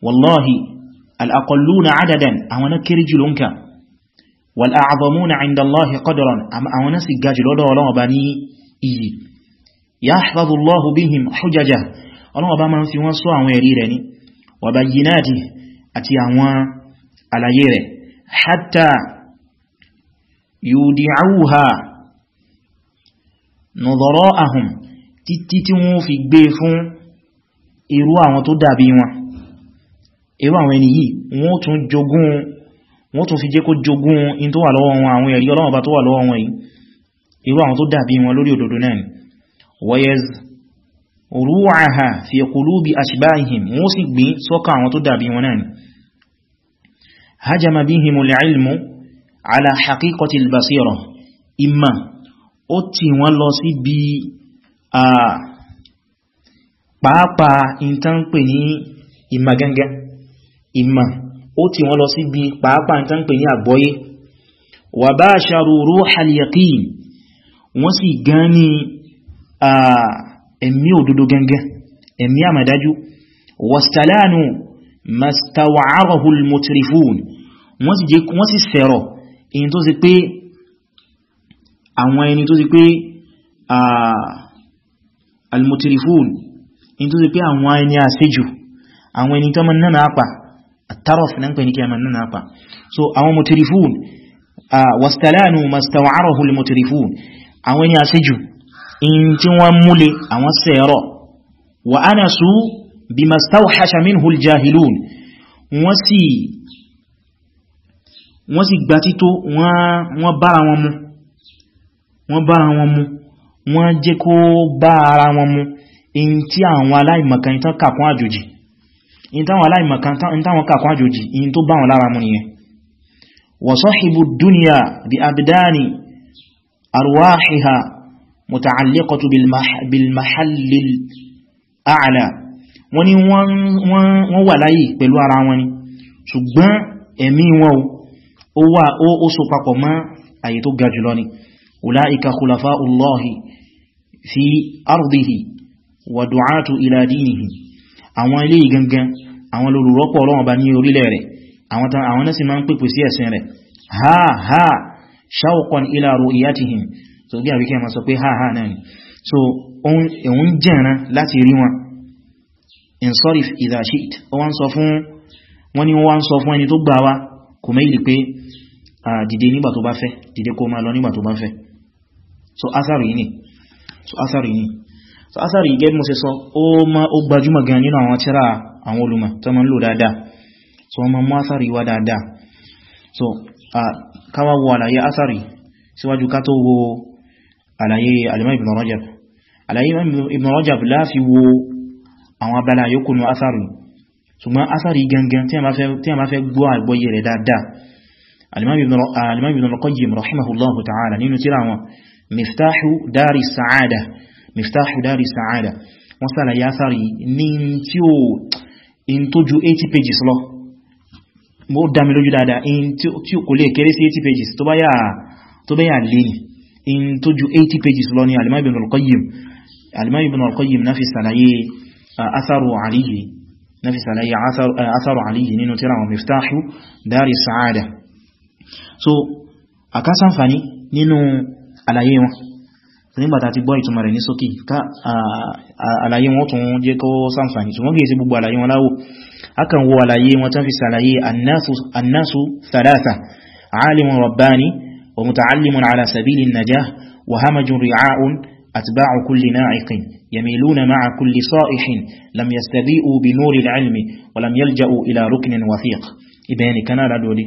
wallahi al-aqalluna àwọn náà rẹ̀ حتى يودعوها نظراءهم títí tí wọ́n fi gbé fún irú àwọn tó dàbí wọn irú àwọn ẹni yìí wọ́n tún jogún wọ́n tún fi jẹ́ kó jogún in tó wà lọ́wọ́ wọn àwọn ẹ̀rí Ọlọ́run bá tó wà lọ́wọ́ wọn yìí irú àwọn tó dàbí wọn lórí òdodo náà ni wayez ruwaha fi qulubi ashbahihim wọ́n sì gbé sọ́kàn àwọn tó dàbí wọn náà ni هجم بهم العلم على حقيقة البصيرة إما basira imma ó tì wọ́n lọ sí bí a pàápàá ìtàn pè ní ìmà gangan ìmà ó tì wọ́n lọ sí bí pàápàá ìtàn pè ní àgbọ́yé wa basharu ruhal yaqin wọ́n sì gan ní ẹ̀mí òdodo gangan ẹ̀mí àmàdájú wastalanu mastawa'arahu al-mutrifun wọ́n sì jẹ́ wọ́n sì sẹ̀rọ̀ èyí tó sì pé àwọn ẹni tó sì pé almutirifun èyí tó sì pé àwọn ẹni àṣejù àwọn ẹni tó mọ̀ náà àpà àtàrọ̀f náà pẹ̀lú kí a mọ̀ náà àpà so àwọn mutirifun wàstàlánù mastawarahu almutirifun àwọn ẹni wọ́n sì gba tító wọ́n bára wọn mu wọ́n bára wọn mu wọ́n jẹ́ kó bá ara wọn mu in tí àwọn aláìmọ̀kan ìtàn kàkún àjòjì in táwọn aláìmọ̀kan ìtàwọn kàkún àjòjì in tó bá lára mu nìyẹn wa sahibu dúnìyà bí abdani arwahiha muta'alliqatu bil mahallil ẹ̀mí wọn ó wà ó so papọ̀ mọ́ àyè tó ga jùlọ ni ulaika khulafa'ullahi fi ardihi wa du'atu ila dinihi àwọn ilé gangan àwọn olùrọ́pọ̀ ọlọ́wọ̀n bá ní orílẹ̀ rẹ̀ àwọn náà sì máa ń pèpè sí ẹ̀sìn rẹ̀ ha ha shawqan ila ru'yatihim so bí àbíkẹ́ ma sọ pé ha ha náà ni so òun wọ́n sọ fún ẹni tó gbà wá kò mẹ́ìlì pé dìde nígbà tó bá fẹ́ dìde kó máa lọ nígbà tó bá fẹ́ so asari ni so asari ni so asari yìí gẹ́gẹ́ mo ṣe sọ ó ma ó gbajúmọ̀ gan nínú àwọn tírà àwọn olùmọ̀ tó ma ń lò dáadáa so wọ́n ma mú asaru yìí dáadáa so káwà wo àlàyé asaru yìí síwájú ká tó wo àlàyé alimọ́ ibn rajab àlàyé ibn rajab láàfi wo àwọn abala yókù asari asaru ṣùgbọ́n asaru yìí gangan tí a bá fẹ́ gbọ́ àgbọ́yé rẹ̀ dáadáa alimami uh, ibn al-qayyim rahimahullahu ta'ala nínú tírà wọn miftahu dari sa'ada miftahu dari sa'ada wọ́n sára ya sáàrí ní tí ó in tó ju 80 pages lọ mo dámi lójú dáadáa in tí ó kò lè kéré sí 80 pages tó bá yà tó bá yà lè ní in tó ju 80 pages lọ ní alimami ibn al-qayyim alimami ibn al-qayyim na fi sàlàyé uh, asaru aliyu na fi sàlàyé asaru uh, aliyu nínú tírà wọn miftahu dari sa'ada so àkásánfàní nínú àlàyé wọn nígbàtà ti gbọ́ ìtumọ̀ rẹ̀ ní sókè ká àlàyé wọn tún jẹ́ kó sánfàní ṣùgbọ́n kìí sí gbogbo àlàyé wọn láwò akan wo àlàyé wọn tán fi sàlàyé annasu thalatha alimun rabbani wa muta'allimun ala sabili najah wa hamajun ri'a'un أتباع كل ناعق يميلون مع كل صائح لم يستبيئوا بنور العلم ولم يلجأوا إلى ركن وثيق إباني كان ردولي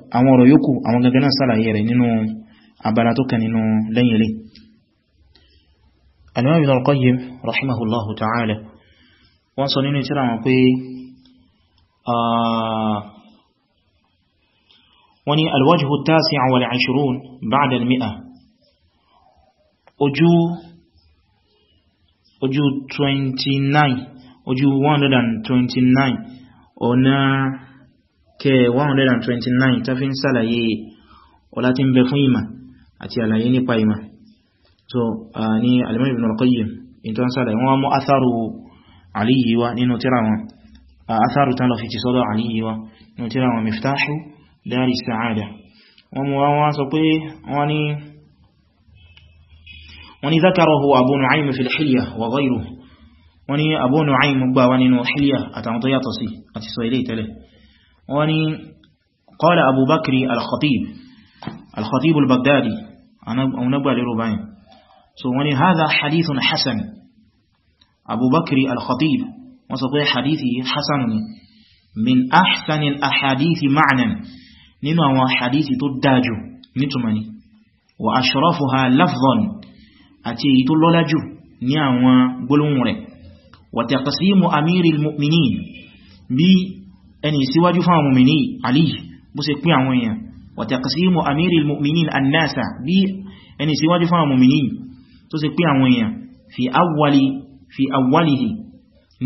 àwọn ọ̀rọ̀ yòókù àwọn gangan náà sàlàyé rẹ̀ nínú abala tó kàn nínú lẹ́yìn ilé Ibn al-Qayyim rahimahullahu ta'ala wọ́n sọ nínú tírà wọn pé wọ́n ni alwajhu at-tasi' wal-'ishrun ba'da al-mi'a ojú ojú 29 ojú 129 ọ̀nà kẹ 129 tó fi ń sàlàyé ọlá tí ń bẹ fún ìmà àti àlàyé nípa ìmà so ní alimọ́n ibn al-qayyim in tó ń sàlàyé wọ́n mú atharu aliyiwa nínú tíra wọn atharu tán lọ fi ti sọ́dọ̀ aliyiwa nínú tíra wọn miftahu dari sa'ada wọ́n mú wọ́n sọ pé wọ́n ni wọ́n ni zakarahu abu wọ́n ni qala Abu Bakri al-Khatib al-Khatib al-Baghdadi ọ̀nàgbà lérò báyìí so wọ́n ni hadha hadithun hasan Abu Bakri al-Khatib wọ́n sọ pé hadithi hasan ni min ahsanil ahadithi ma'nan nínú àwọn hadithi tó dájú nítumani wa ashrafuha lafzan àti èyí tó lọ́lájú ní àwọn gbólóhùn rẹ̀ wa taqsimu amiril mu'minin bí ẹni síwájú fáwọn mùmìnì Ali bó ṣe pín àwọn èèyàn wa taqsimu amiril mu'minin annasa bí ẹni síwájú fáwọn mùmìnì tó ṣe pín àwọn èèyàn fi awwali fi awwalihi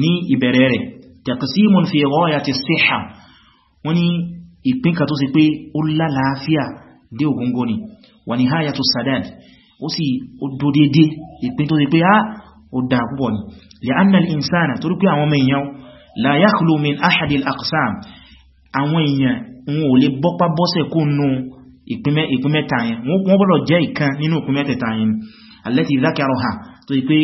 ní ìbẹ̀rẹ̀ rẹ̀ taqsimun fi ghayati as-sihha wọ́n ní ìpín kan tó ṣe pé ó lálàáfíà dé ògóngó ni wa nihayatu sadad ó sì ó dó dédé ìpín tó ṣe pé á ah, ó dá púpọ̀ ni la yakhlu min ahadil aqsam àwọn èèyàn wọn ò lè bọ́pá bọ́sẹ̀ kó nú ìpín mẹ́ta yẹn wọ́n bọ́lọ̀ jẹ́ ìkan nínú ìpín mẹ́tẹ̀ta yẹn allati dhakaraha tó ipé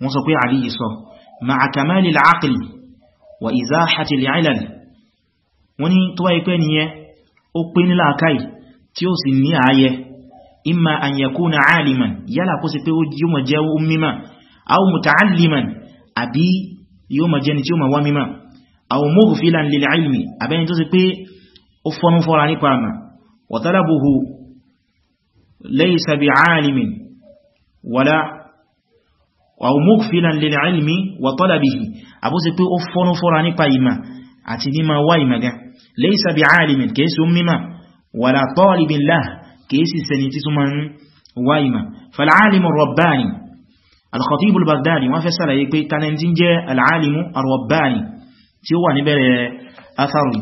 wọ́n sọ pé àrí ìsọ ma'a kamalil aqli wa izahatil ilal wọ́n ni tó wá ipé nìyẹn ó pé nílá akáì tí ó sì ní ààyẹ imma an yakuna aliman yálà kó sì pé ó jímọ̀ jẹ́ ó mímọ̀ aw muta'alliman àbí yóò máa jẹni tí ó máa wá mímọ̀ aw mughfilan lil ilmi àbẹ́ni tó sì pé ó fọ́nú fọ́ra nípa àmà wa talabuhu laysa bi alimin wala aw mughfilan lil ilmi wa talabihi àbó sì pé ó fọ́nú fọ́ra nípa ìmà àti mímọ̀ wá ìmàgá laysa bi alimin kèé sí mímọ̀ wala talibin lah kèé sì sẹni tí súnmọ́ wá ìmà fal alimu rabbani al-Khatib al-Baghdadi wọ́n fẹ́ sàlàyé pé tanenti jẹ́ al-alimu ar-Rabbani tí ó wà níbẹ̀rẹ̀ atharu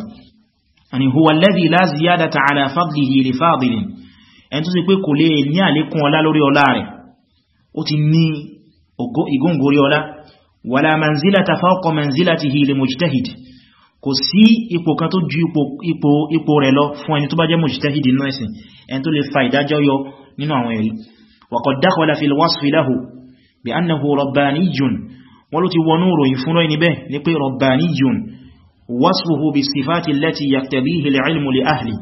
ani huwa alladhi la ziyadata ala fadlihi li fadilin ẹni tó sì pé kò lè ní àlékún ọlá lórí ọlá rẹ̀ ó ti ní ìgóngórí ọlá wala manzilata fawqa manzilatihi li mujtahid kò sí ipò kan tó ju ipò ipò rẹ̀ lọ fún ẹni tó bá jẹ́ mujtahid nínú ẹ̀sìn ẹni tó lè fa ìdájọ́ yọ nínú wa qad dakhala fil wasfi lahu bí annahu rabbaniyun wọ́n ló ti wọnú ròyìn fún rọ́yìn níbẹ̀ ní pé rabbaniyun wasfuhu bi sifati allati yaktabihi al-ilmu li ahli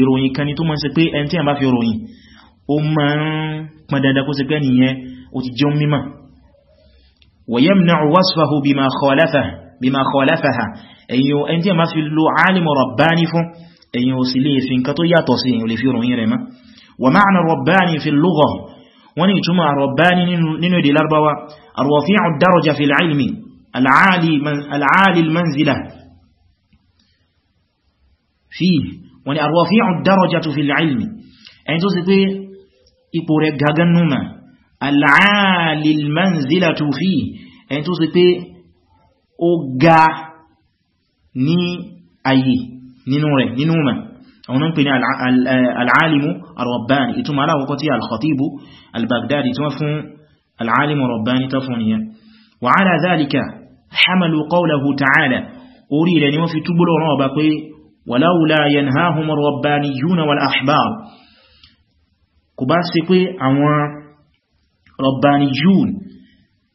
ìròyìn kan ni tó máa ń ṣe pé ẹni tí a bá fi ròyìn ó máa ń pọn dandan kó ṣe pé nìyẹn ó ti jẹun mímọ̀ wa yamna'u wasfahu bima khalafahu bima khalafaha ẹni tí a máa fi lo alimu rabbani fún ẹ̀yìn ò sì lè fi nǹkan tó yàtọ̀ sí ẹ̀yìn ò lè fi ròyìn rẹ̀ mọ́ wa ma'na rabbani fi lugha wọ́n ní ìtumọ̀ ar-rabbani nínú èdè Lárúbáwá ar-rafi'u ad-daraja fil ilmi al-'ali al-manzila fi wọ́n ní ar-rafi'u ad-darajatu fil ilmi ẹni tó sì pé ipò rẹ̀ gagan númà al-'ali al fi ẹni tó sì pé ó ga ní ayé nínú rẹ̀ nínú mọ̀ أو ننقل العالم الرباني إتم على وقتها الخطيب البغدادي تفهم العالم الرباني تفهمني وعلى ذلك حمل قوله تعالى أريد أن في تبل رابقي ولولا ينهاهم الربانيون والأحبار كباسقي أو ربانيون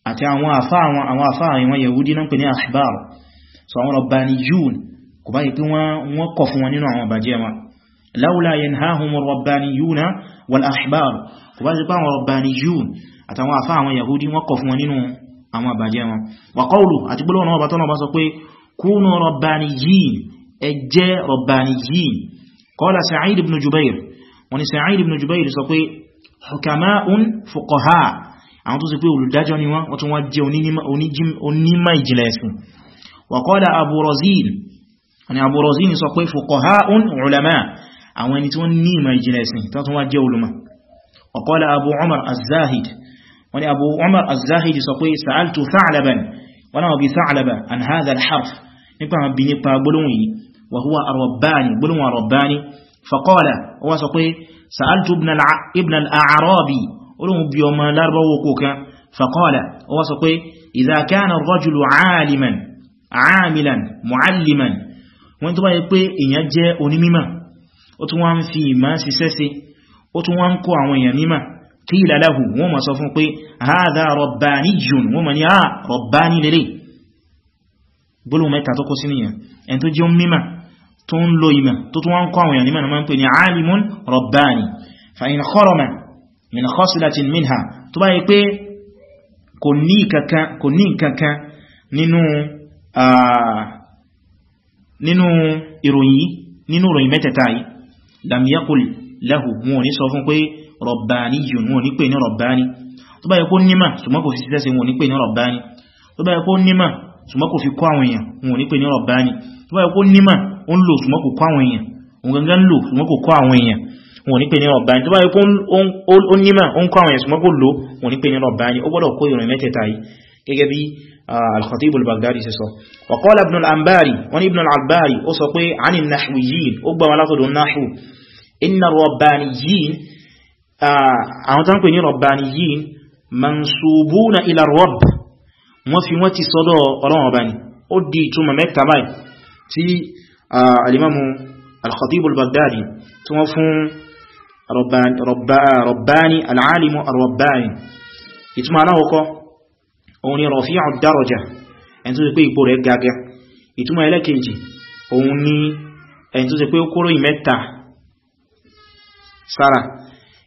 أتى أوافا أوافا أوافا يهودي ننقل أحبار سواء ربانيون kò bá yìí pé wọ́n kọ̀ fún wọn nínú àwọn bàjẹ́ wọn láúlá yẹn háhùn rọ̀bániyúna wal ahbar kò bá sí pá àwọn rọ̀bániyún àtàwọn àfá àwọn yahudi wọ́n kọ̀ fún wọn nínú àwọn bàjẹ́ wọn wà kọ́ùlù àti gbọ́lọ́ náà bàtọ́nà bá sọ pé kúnù rọ̀bániyin ẹ jẹ́ tó sì pé olùdájọ́ ni wọ́n wọ́n jẹ́ onímọ̀ ìjìnlẹ̀ ẹ̀sìn wà kọ́lá ni Abu Razini sọ pé fuqaha'un ulama àwọn ẹni tí wọ́n ní ìmọ̀ ìjìnlẹ̀ ẹ̀sìn tó tún wá jẹ́ olùmọ̀ ọ̀kọ́lá Abu Umar az-Zahid wani Abu Umar az sọ pé sa'altu Tha'laban wani wọ́n bí Tha'laba an haza alharf harf nípa bí nípa gbólóhùn yìí kó kan faqala wọ́n sọ wọ́n tó bá yẹ pé èyàn jẹ́ onímímà ó tún wá ń fi ìmá ṣiṣẹ́ sí ó tún wá ń kó àwọn èyàn mímà tí ìlàláhù wọ́n ma sọ fún pé haza rọ̀bání jùn wọ́n ma ní ha rọ̀bání na máa ń pè ní alimun rọ̀bání fa in kharama min khasilatin minha tó bá yẹ pé kò ní kankan nínú ah, nínú ìròyìn nínú ìròyìn mẹ́tẹ̀ta yìí lam yaqul lahu wọn ní sọ fún pé rọ̀bání yìí wọn ní pè ní rọ̀bání tó bá yẹ kó nímà ṣùgbọ́n kò fi tẹ́sẹ̀ wọn ní pè ní rọ̀bání tó bá yẹ kó nímà ṣùgbọ́n kò fi kọ́ àwọn èèyàn wọn ní pè ní rọ̀bání tó bá yẹ kó nímà ó ń lò ṣùgbọ́n kò kọ́ àwọn èèyàn òun gangan ń lò ṣùgbọ́n kò kọ́ àwọn èèyàn wọn ní pè ní rọ̀bání tó bá kó ó nímà ó ń kọ́ àwọn èèyàn ṣùgbọ́n kò lò wọn ní pè ní rọ̀bání ó gbọ́dọ̀ kó ìròyìn mẹ́tẹ̀ẹ̀ta yìí gẹ́gẹ́ bí الخطيب البغدادي سيسو وقال ابن الأنباري وان ابن العباري أصقي عن النحويين أقبى ولقد النحو إن الربانيين أعطانكم إن ربانيين منصوبون إلى الرب وفي موتي صدى الله أباني أدي ثم مكتباي تي الإمام الخطيب البغدادي ثم فون رباني, رباني العالم الرباني يتمعنى وقال òun ni rafi'u ad-daraja ẹni tó ṣe pé ipò rẹ̀ gaga ìtumọ̀ ẹlẹ́kejì òun ni ẹni tó ṣe pé ó kóró ìmẹ́ta sára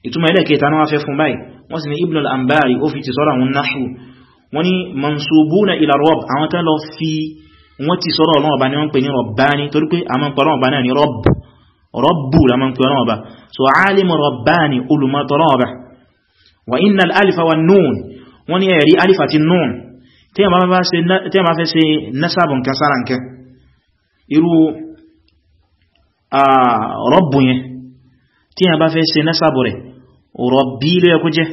ìtumọ̀ ẹlẹ́kẹta náà fẹ́ fún báyìí wọ́n sì ni ibn al-ambari ó fi ti sọ́rọ̀ àwọn náṣù wọ́n ni mansubuna ila rabb àwọn tán lọ fi wọ́n ti sọ́rọ̀ ọlọ́wọ́ bá ní wọ́n pè ní rabbani alifa wa nun wọ́n ní ẹ̀rí alif àti nun tí a máa fẹ́ ṣe nasabun kan sára nǹkan irú rọ́bù yẹn tí a bá fẹ́ ṣe nasabu rẹ̀ rọ̀bí ló yẹ kó jẹ́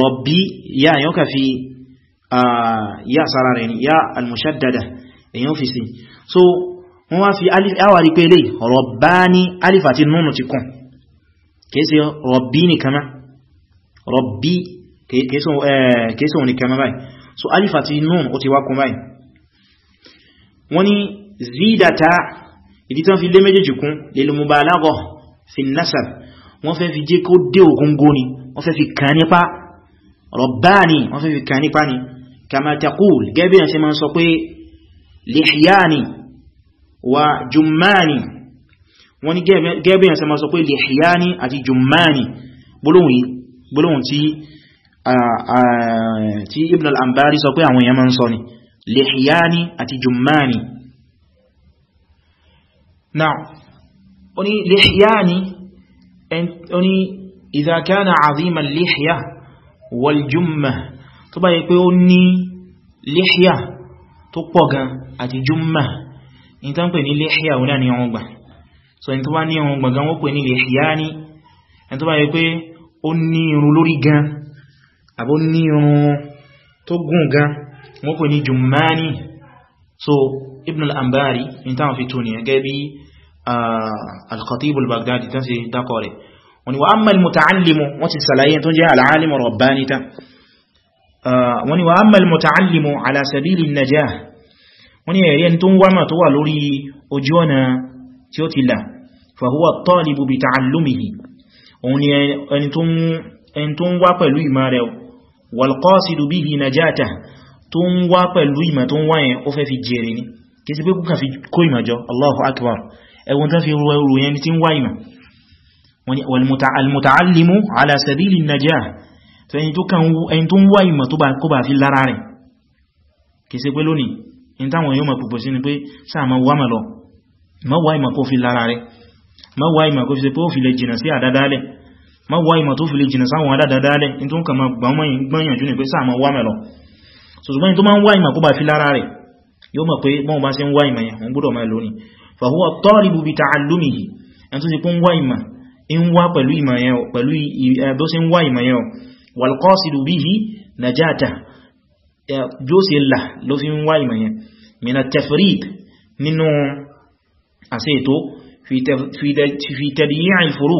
rọ̀bí ya yóò kà fi yá sára rẹ̀ ni yá al-mushaddada èyàn fi sí so wọ́n wá fi awàrí pé lè rọ̀bání alif àti nun ti kún kìí ṣe rọ̀bí nìkan náà rọ̀bí kèésùn eh, ní kẹmọ báyìí so alif àti nun ó ti wá kún báyìí wọ́n ni zidata ìdí tán fi lé méjèèjì kún lil mubalagha fi nasab wọ́n fẹ́ fi jẹ́ kó dé ògóngó ni wọ́n fẹ́ fi kàn nípa rabbani wọ́n fẹ́ fi kàn nípa ni kama gẹ́bí ẹ̀ ṣe máa wa jummani wọ́n ni gẹ́bí ẹ̀ ṣe máa sọ jummani gbólóhùn tí Ah, ah, tí ibn al sọ pé àwọn èèyàn sọ ni lihiyani àti jummani now ó ní lihiyani ó ní idha wal jumma tó bá pé ó ní lihiya tó pọ̀ gan àti jumma ní tán pè ní lihiya ó náà ọgbà so ní tó bá ní ọgbà gan wọ́n pè ní lihiyani àbó ní irun tó gùn gan wọ́n pè ní jummani so ibn al-ambari ní táwọn fi tún ní gẹ́gẹ́ bí ah, al-khatib al-baghdadi tán sí dákọ̀ rẹ̀ wọ́n ni wa amma mutaallimu wọ́n ti sàlàyé tó jẹ́ al rabbani tán ah, wọ́n ni wa amma mutaallimu ala sabili an wọ́n ni ẹ̀rí ẹni tó ń wá pẹ̀lú ìmá rẹ̀ walqasidu bihi najata tó ń wá pẹ̀lú ìmọ̀ tó ń wá yẹn ó fẹ́ fi jèrè ní kí sí pé kúkà fi kó ìmọ̀ jọ Allahu akbar ẹwọ́n tán fi rú yẹn tí ń wá ìmọ̀ walmuta'allimu ala sabili najah tó ẹni tó ń wá ìmọ̀ tó bá fi lára rẹ̀ ma wá mọ̀ lọ fi lára rẹ̀ fi lè jìnà sí àdádálẹ̀ ma wá ìmọ̀ tó fi lè jìnà sáwọn adádáadáálẹ̀ in tó ń kà ma gbọ́nyànjú ní pé sáà ma wá mẹ́lọ ṣùgbọ́n tó ma ń wá ìmọ̀ kó bá fi lára rẹ̀ yóò mọ̀ pé bọ́n bá sí ń wá ìmọ̀ yẹn wọ́n gbọ́dọ̀ máa lónìí fa huwa talibu bi ta'allumihi ẹn tó sì kún wá ìmọ̀ in wá pẹ̀lú ìmọ̀ yẹn pẹ̀lú bó sí ń wá ìmọ̀ yẹn fi ń wá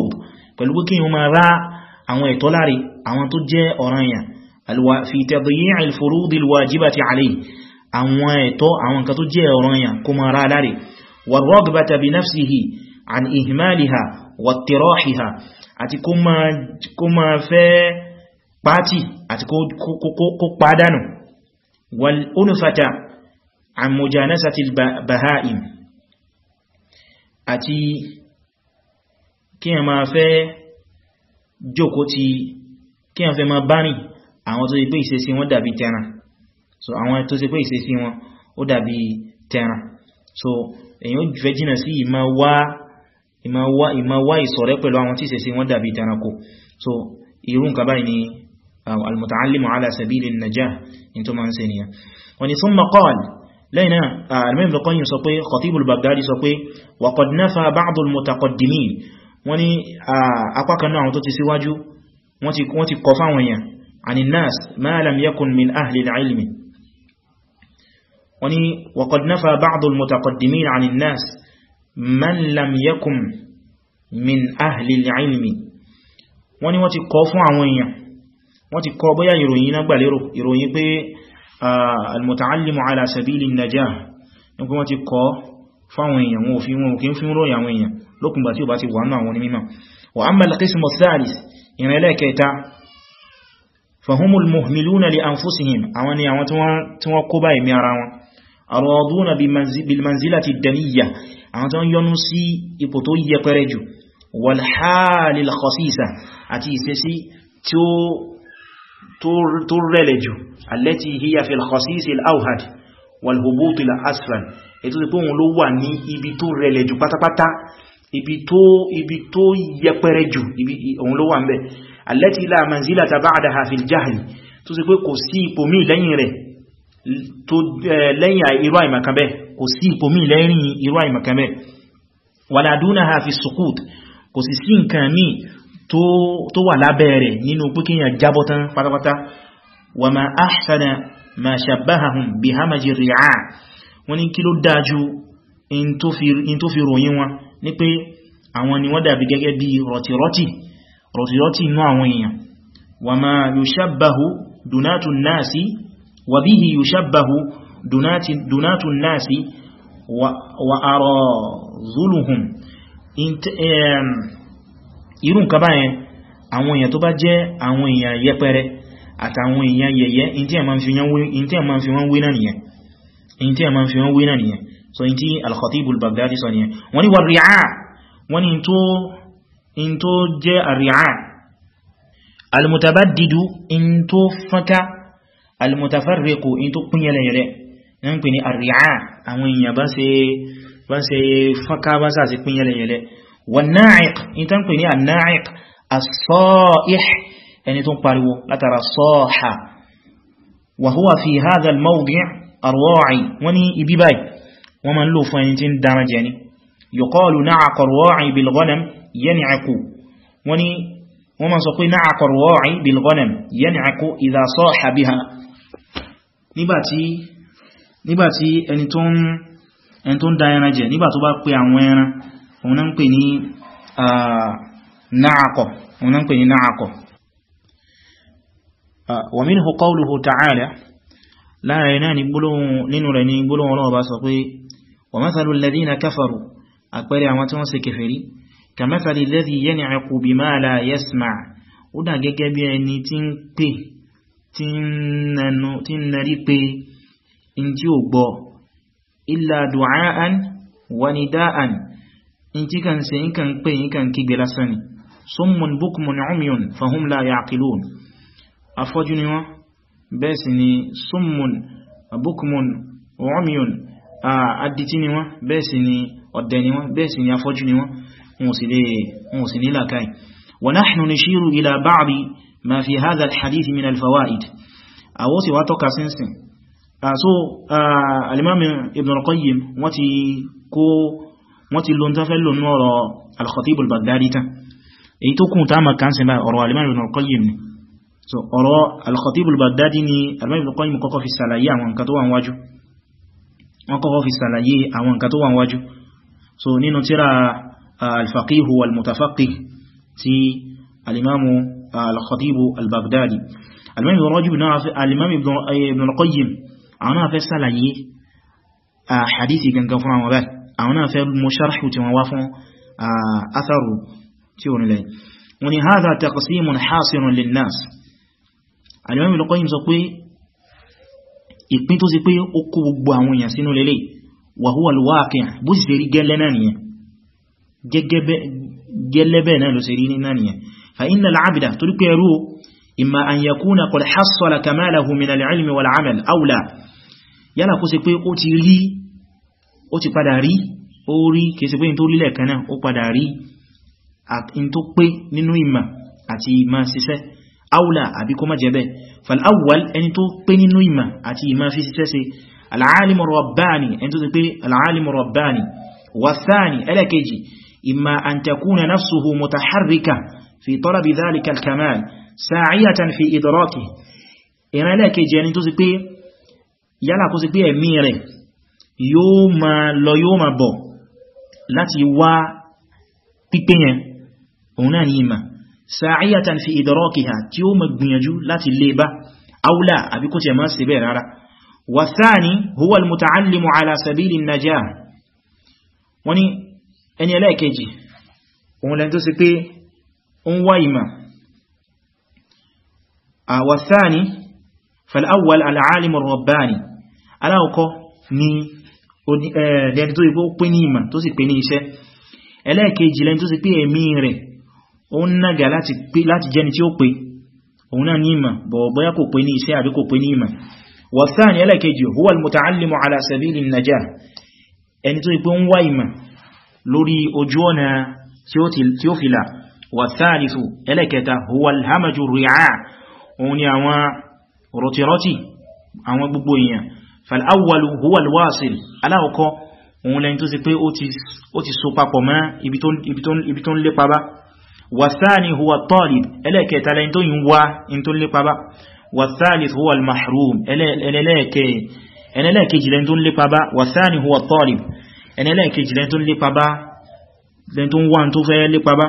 pẹ̀lú pé kí wọ́n máa rá àwọn ẹ̀tọ́ láre àwọn tó jẹ́ ọ̀ranyàn fi tadyi'i al-furudi al-wajibati alayhi àwọn ẹ̀tọ́ àwọn nǹkan tó jẹ́ ọ̀ranyàn kó máa rá láre war-raghbata bi nafsihi an ihmaliha wattirahiha àti kí ẹ máa fẹ́ jókòó ti kí ẹ fẹ́ máa bá rìn àwọn tó ṣe pé ìṣesí wọn dàbí tẹran so àwọn tó ṣe pé ìṣesí wọn ó dàbí tẹran so èyàn fẹ́ jìnà sí ìmá wá ìmá wá ìṣọ̀rẹ́ pẹ̀lú àwọn tí ìṣesí wọn dàbí tẹranko so irú nǹkan báyìí ni uh, al-muta'allimu ala sabili an-najah in tó máa ń ṣe nìyàn wọ́n ni thumma qala lẹ́yìn náà uh, al-Imam Ibn wọ́n ní apákanú àwọn tó ti síwájú wọ́n ti kọ fáwọn èèyàn àni nas ma lam yakun min ahli al-ilmi wọ́n ní wa qad nafa ba'd al-mutaqaddimin àni nas man lam yakun min ahli al wọ́n ní wọ́n ti kọ fún àwọn èèyàn wọ́n ti kọ bóyá ìròyìn náà gbàlérò ìròyìn pé al ala sabili an-najah wọ́n ti kọ fáwọn èèyàn wọn fi wọn kí ń fi ń ròyìn àwọn èèyàn lókùnbà tí ó bá ti wà náà wọn ni mímọ̀ wa amma al-qismu ath-thalith ìrìn ẹlẹ́kẹta fahumul muhmiluna li anfusihim àwọn ni àwọn tí wọ́n kó bá ìmí ara wọn araduna bil manzilati ad-daniyya àwọn tí wọ́n yọnu sí ipò tó yẹpẹrẹ jù jù allati ètò ìpóhun ló wà ní ibi tó rẹ̀lẹ̀ jù pátápátá ibi tó ibi tó yẹpẹrẹ jù ibi ló wà ń bẹ̀ allati la manzila ba'daha fil jahli tó sì pé kò sí ipò míì lẹ́yìn rẹ̀ tó lẹ́yìn irú àìmọ̀kan bẹ́ẹ̀ kò sí ipò míì lẹ́yìn irú àìmọ̀kan bẹ́ẹ̀ wala dunaha fi sukut kò sì sí nǹkan míì tó wà lábẹ́ rẹ̀ nínú pínkíyàn jábọ́tán pátápátá wa ma ahsana ma shabbahahum bi hamaji ri'a wọ́n ní ní pé àwọn ni wọ́n dàbí gẹ́gẹ́ bí rọ̀tìrọ̀tì rọ̀tìrọ̀tì inú àwọn èèyàn wa ma yushabbahu dunatu nasi wa bihi yushabbahu dunatu nasi wa aradhuluhum irú nǹkan báyẹn àwọn èèyàn tó bá jẹ́ àwọn èèyàn yẹpẹrẹ àtàwọn èèyàn yẹ̀yẹ́ in tí ẹ̀ ma ń fi wọ́n wé náà nìyẹn so in ti al-Khatib al-Baghdadi sọ nìyẹn wọ́n woni wa ríà woni into into tó ri'a àríà al-mutabaddidu into faka fọ́nká al-mutafarriqu into kunyele yele pín ń pè ri'a àríà àwọn èèyàn bá ba se faka fọ́nká sa se kunyele yele yẹlẹ̀yẹlẹ̀ wal-na'iq into ń pè ní al-na'iq as-sa'ih ẹni tó pariwo látara saha wa huwa fi hadha al-mawdi' arwa'i woni ibibai wọ́n ma ń lò fún ẹni tí ń dára jẹ ni yuqalu na'a qarwa'i bil ghanam yan'iqu wọ́n ni wọ́n ma sọ pé na'a qarwa'i bil ghanam yan'iqu idha saha biha nígbàtí nígbàtí ẹni tó ń ẹni tó ń da ẹran jẹ nígbà tó bá pè ومثل الذين كفروا أقبل عمتهم سكفري كمثل الذي ينعق بما لا يسمع ودا gẹ́gẹ́ bí ẹni tí ń pè tí ń narí pé in tí ó gbọ́ illa du'aan wa nida'an in tí kan se in kan pè in kan kígbe lásán ni summun bukmun umyun fahum la ya'qilun afọ́jú ni wọ́n bẹ́ẹ̀ sì ni summun bukmun umyun adití ni wọ́n bẹ́ẹ̀ sì ni ọ̀dẹ̀ ni wọ́n bẹ́ẹ̀ sì ni afọ́jú ni wọ́n wọn sì ní làkáì wa nahnu nishiru ila ba'di ma fi hadha al min al àwọ́ sì wá tọ́ka sínsìn so alimami ibn al-qayyim wọ́n ti kó wọ́n ti lóntá fẹ́ lónú ọ̀rọ̀ al-khatib al-baghdadi tán èyí ni so ọ̀rọ̀ al-khatib al-baghdadi ni alimami ibn al-qayyim kọ́kọ́ fi sàlàyé àwọn nǹkan tó wà wájú wọ́n kọ́kọ́ fi sàlàyé àwọn nǹkan tó wà wájú so nínú tíra alfaqihu almutafaqi ti alimamu alkhatibu albagdadi alimami rajib náà alimami ibn al-qayyim àwọn náà fẹ́ sàlàyé a hadithi gangan fún àwọn báyìí àwọn náà fẹ́ mú sharhu tí wọ́n wá fún atharu tí ó nílẹ̀ wọ́n ni hadha taqsimun hasirun linnas alimami ibn al sọ pé ìpín tó sì pé ó kó gbogbo àwọn èèyàn sínú lélẹ̀ wàhúwà lówà àkíyàn bó sì rí gẹ́lẹ́ náà nìyẹn gẹ́lẹ́bẹ̀ náà ló sì rí náà nìyẹn fa inna al-abda torí pé ẹrú imma an yakuna qad hassala kamalahu aula àbí kó má jẹ́ bẹ́ẹ̀ fal'awwal ẹni tó pé nínú ìmà àti ìmá fi ṣiṣẹ́ sí al'alimu rabbani ẹni tó ti pé al'alimu rabbani wasani ẹlẹ́kejì imma an takuna nafsuhu mutaharrika fi talabi dhalika al-kamal sa'iyatan fi idraki ìran ẹlẹ́kejì ẹni tó ti pé yálà sa'iyatan fi idrakiha tí ó máa gbìyànjú láti lè bá aula àbí kò tẹ̀ máa ṣe bẹ́ẹ̀ rárá wa thani huwa almutaallimu ala sabili najah wọ́n ní ẹni ẹlẹ́ẹ̀kejì òun lẹ́n tó sì pé ń wá ìmà wa thani fal'awwal al'alimu rabbani aláwọ̀kọ́ ni eh, lẹ́ni tó sì pín ní ìmà tó sì pé ní iṣẹ́ ẹlẹ́ẹ̀kejì lẹ́ni tó sì pé ẹ̀mí rẹ̀ ó ń nága láti jẹni tí ó pé òun náà ní ìmọ̀ bọ̀ọ̀bọ̀yá kò pé ní iṣẹ́ àbí kò pé ní ìmọ̀ wàtàní ẹlẹ́kejì huwa al-muta'allimu ala sabili an-najah ẹni tó ipé ń wá ìmọ̀ lórí ojú ọ̀nà tí ó fìlà wàtàlìsù ẹlẹ́kẹta huwa al-hamaju ri'a òun ni àwọn rọ̀tìrọ̀tì àwọn gbogbo èèyàn fal'awwalu huwa al-wasil aláwọ̀kọ́ òun lẹ́ni ibi tó ń lépa bá والثاني هو الطالب إلا كتالين تو ينوى انتو اللي قبا والثالث هو المحروم إلا لا كجلين تو اللي قبا والثاني هو الطالب إلا لا كجلين تو اللي قبا لين تو وان تو فيه اللي قبا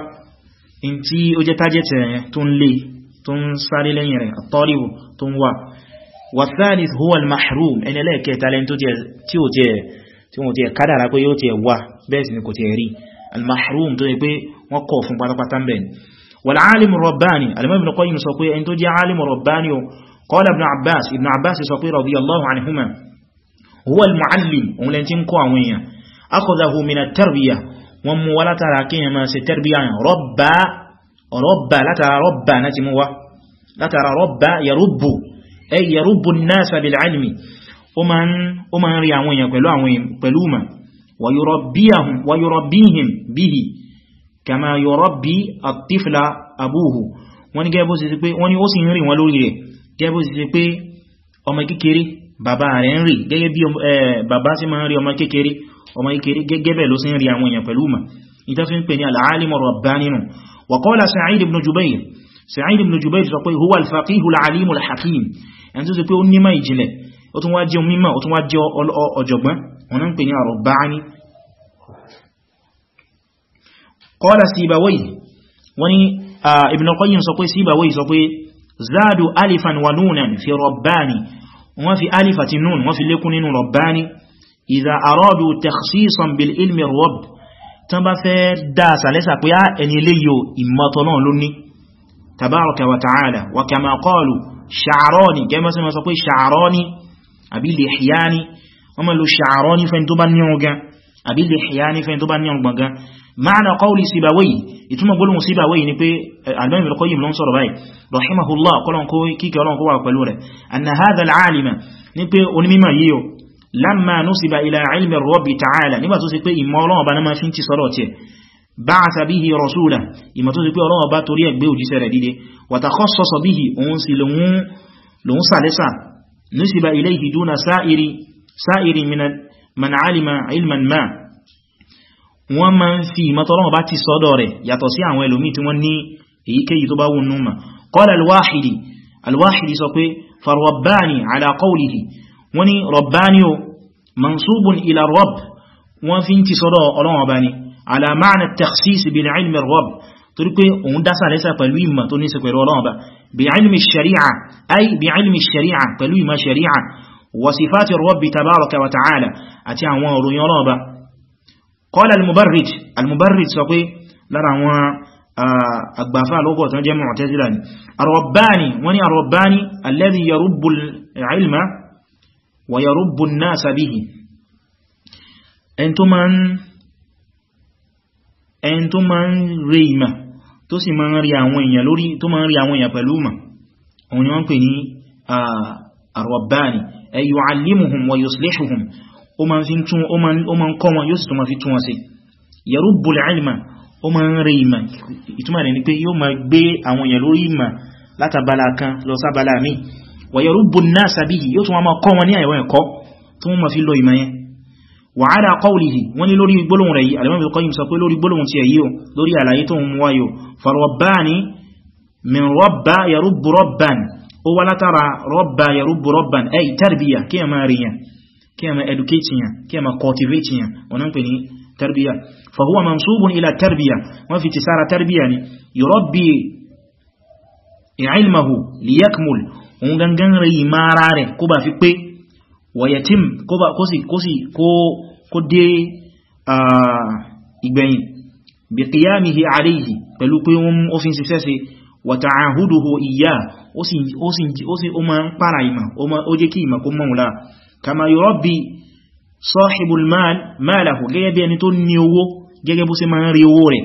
انتي أجا تاجت تون لي تون ساري لين الطالب تون وا والثالث هو المحروم إلا لا كتالين تو تيو تي tí wọ́n ti ẹ̀ kádàrà pé yóò ti ẹ̀ wà bẹ́ẹ̀ sì ni kò ti ẹ̀ rí al-mahrum tó yẹ pé wọ́n kọ̀ fún pátápátá ń bẹ̀ ni wal alimu rabbani alimọ́ ibn Qayyim sọ pé ẹni tó jẹ́ alimu rabbani o qala ibn Abbas ibn Abbas sọ pé radiyallahu anhuma huwa al-muallim òun lẹ́ni tí ń kọ́ àwọn èèyàn akhadahu min at-tarbiya wọ́n mú wá látara kíyàn máa ṣe tarbiya rọ́bà rọ́bà látara rọ́bà náà ti mú wá látara rọ́bà yarubbu ay yarubbu nasa bil ilmi ó máa ń rí àwọn èèyàn pẹ̀lú àwọn pẹ̀lú kama yurabbi at-tifla abúhù wọ́n ni gẹ́bọ́ sí pé wọ́n ni ó sì ń rìn wọn lórí rẹ̀ gẹ́bọ́ sí pé ọmọ kékeré bàbá rẹ̀ ń rìn gẹ́gẹ́ bí bàbá sí máa ń rí ọmọ kékeré ọmọ kékeré gẹ́gẹ́ bẹ̀ ló sì ń rí àwọn èèyàn pẹ̀lú mà ìta fi ń pè ní al-alimu rabbaninu wa qala Sa'id ibn qala Sibawayh wọ́n ní Ibn Qayyim sọ pé Sibawayh sọ pé zadu alifan wa nunan fi rabbani wọ́n fi alif àti nun wọ́n fi lékún nínú rabbani idha aradu takhsisan bil ilmi rabb tán bá fẹ́ dáa sàlẹ́sà pé á ẹni àbí lè ṣìyá ní fẹ́ tó bá ní ọrùn gbọ̀ngán ma'ana qawli Sibawayh ìtumọ̀ gbólóhùn Sibawayh ni pé eh, al-Imam Ibn Qayyim ló ń sọ̀rọ̀ báyìí rahimahullah kọlọ̀n kó kíkẹ́ ọlọ́n kó wà pẹ̀lú rẹ̀ anna hadha al-alima ni pé onímọ̀ yìí o lamma nusiba ila ilmi rabbi ta'ala nígbà tó sì pé ìmọ̀ ọlọ́wọ́ bá ní máa fi ń ti sọ́rọ̀ tiẹ̀ ba'atha bihi rasula ìmọ̀ man alima ilman ma wọ́n ma ń fi ìmọ́tọ́lọ́wọ́ bá ti sọ́dọ̀ rẹ̀ yàtọ̀ sí àwọn ẹlòmí tí wọ́n ní èyíkéyìí tó bá wù nú ma qala alwahidi alwahidi sọ pé farwabbani ala qawlihi wọ́n ni rabbani o mansubun ila rabb wọ́n fi ń ti sọ́dọ̀ وصفات الرب تبارك وتعالى أتي عن ورن يرابا قال المبرد المبرد سقي لرى أقبافا لغة جمع معتزلا الرباني وني الرباني الذي يرب العلم ويرب الناس به أنتما أنتما ريما tó sì máa ń rí àwọn èèyàn lórí tó máa ń rí àwọn èèyàn pẹ̀lú mà òun ni wọ́n pè ní àrọ̀báni yu'allimuhum wa yuslihuhum ó ma fi tún ó ma kọ́ wọn yóò sì tún ma fi tún wọn sí yarubbu al-ilma ó ma ń rẹ ìmà ìtumà rẹ̀ ni pé yóò ma gbé àwọn èèyàn lórí ìmà látàbàlà kan lọ sábàlà míì wa yarubbu an-nasa bihi yóò tún ma kọ́ wọn ní àyẹ̀wọ̀ ẹ̀kọ́ tó ó wá látara rọ́bà yẹrùbù rọ́bàn ẹ̀ tarbiya kí ẹ máa ríyàn kí ẹ máa educate yàn kí ẹ máa cultivate yàn ọ̀nà ń pè ní tarbiya fahuwa mansubun ila tarbiya wọ́n fi ti sára tarbiya ni yọrọ́bì ilmahu liyakmul òun gangan rí mara rẹ̀ kó bá fi pé wọ̀yẹ̀tìm kó dé wàtàáhùdùhù ìyá ó sì ọmọ ń pàrà ìmọ̀ ó jẹ́ kí ìmọ̀ kó mọ́wùlá kama yurabbi sahibul mal malahu gẹ́gẹ́ bí ẹni tó ní owó gẹ́gẹ́ bó ṣe máa ń rí owó rẹ̀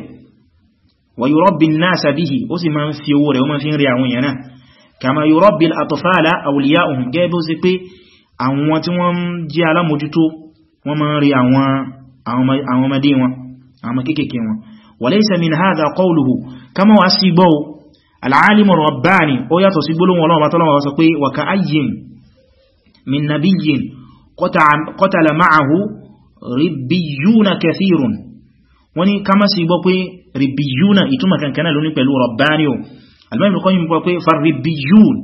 wa yurabbi an-nasa bihi ó sì máa ń fi owó rẹ̀ ó máa fi ń rí àwọn èèyàn náà kama yurabbi al-atfala awliya'uhum gẹ́gẹ́ bó ṣe pé àwọn tí wọ́n jẹ́ alámójútó wọ́n máa ń rí àwọn ọmọdé wọn àwọn kéékèèké wọn wa laysa min hadha qawluhu العالم الرباني او ياتو سي بلون ولون باتو لون سو بي وكاين من نبي قتل معه ربيون كثير وني كما سي بو بي ربيون ituma kan kana loni pẹ̀lú rabbani o almam ko yin bó pé far ribiyun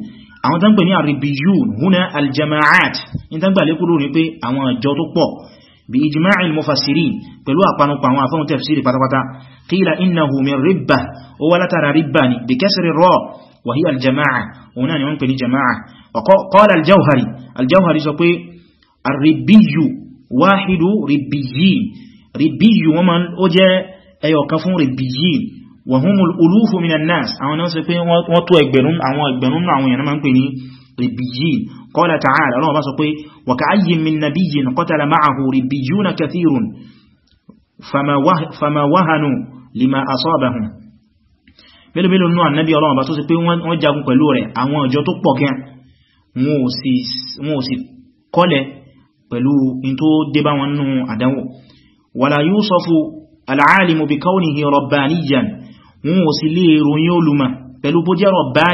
àwọn tan pè ní ribiyun huna al jamaat in tan gba le kúrò ní pé àwọn àjọ tó pọ̀ bí ijma'il mufassirin pẹ̀lú àpanupọ̀ àwọn afọ́n tafsiri pátápátá qila innahu min ribba ó wá látara ribba ni bí kasri ra wa hiya aljama'a òun náà ni wọ́n pè ní jama'a qala aljawhari aljawhari sọ pé arribiyu wahidu ribbiyin ribiyu wọ́n ma ó jẹ́ ẹyọ̀kan fún ribbiyin wa ربيين قال تعالى الله بس وكأي من نبي قتل معه ربيون كثير فما, وه فما وهنوا لما أصابهم mélòó mélòó nínú ànábí ọlọ́run bá tó sì pé wọ́n jagun pẹ̀lú rẹ̀ àwọn ọjọ́ tó pọ̀ gan wọn ò sì kọ́lẹ̀ pẹ̀lú in tó dé bá wọn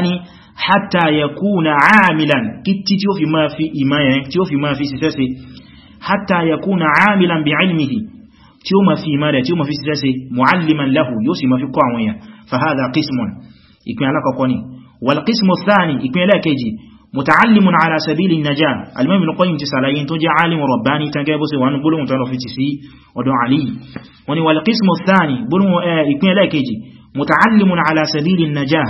nínú hatta yakuna amilan títí tí ó fi máa fi ìmáyẹn tí ó fi máa fi ṣiṣẹ́ ṣe hatta yakuna amilan bi ilmihi tí ó máa fi ìmá rẹ̀ tí ó máa fi ṣiṣẹ́ ṣe mualliman lahu yóò sì máa fi kọ́ àwọn èèyàn fahadha qismun ìpín alákọ̀ọ́kọ́ ni wal qismu thani ìpín ẹlẹ́ẹ̀kejì mutaallimun ala sabili najah alimami ibn qayyim ti salaye tó jẹ́ alimu rabbani tan gẹ́gẹ́ bó ṣe wà ní gbólóhùn tó ti sí ọ̀dọ̀ ali wani wal qismu thani gbólóhùn eh, ìpín ẹlẹ́ẹ̀kejì mutaallimun ala sabili najah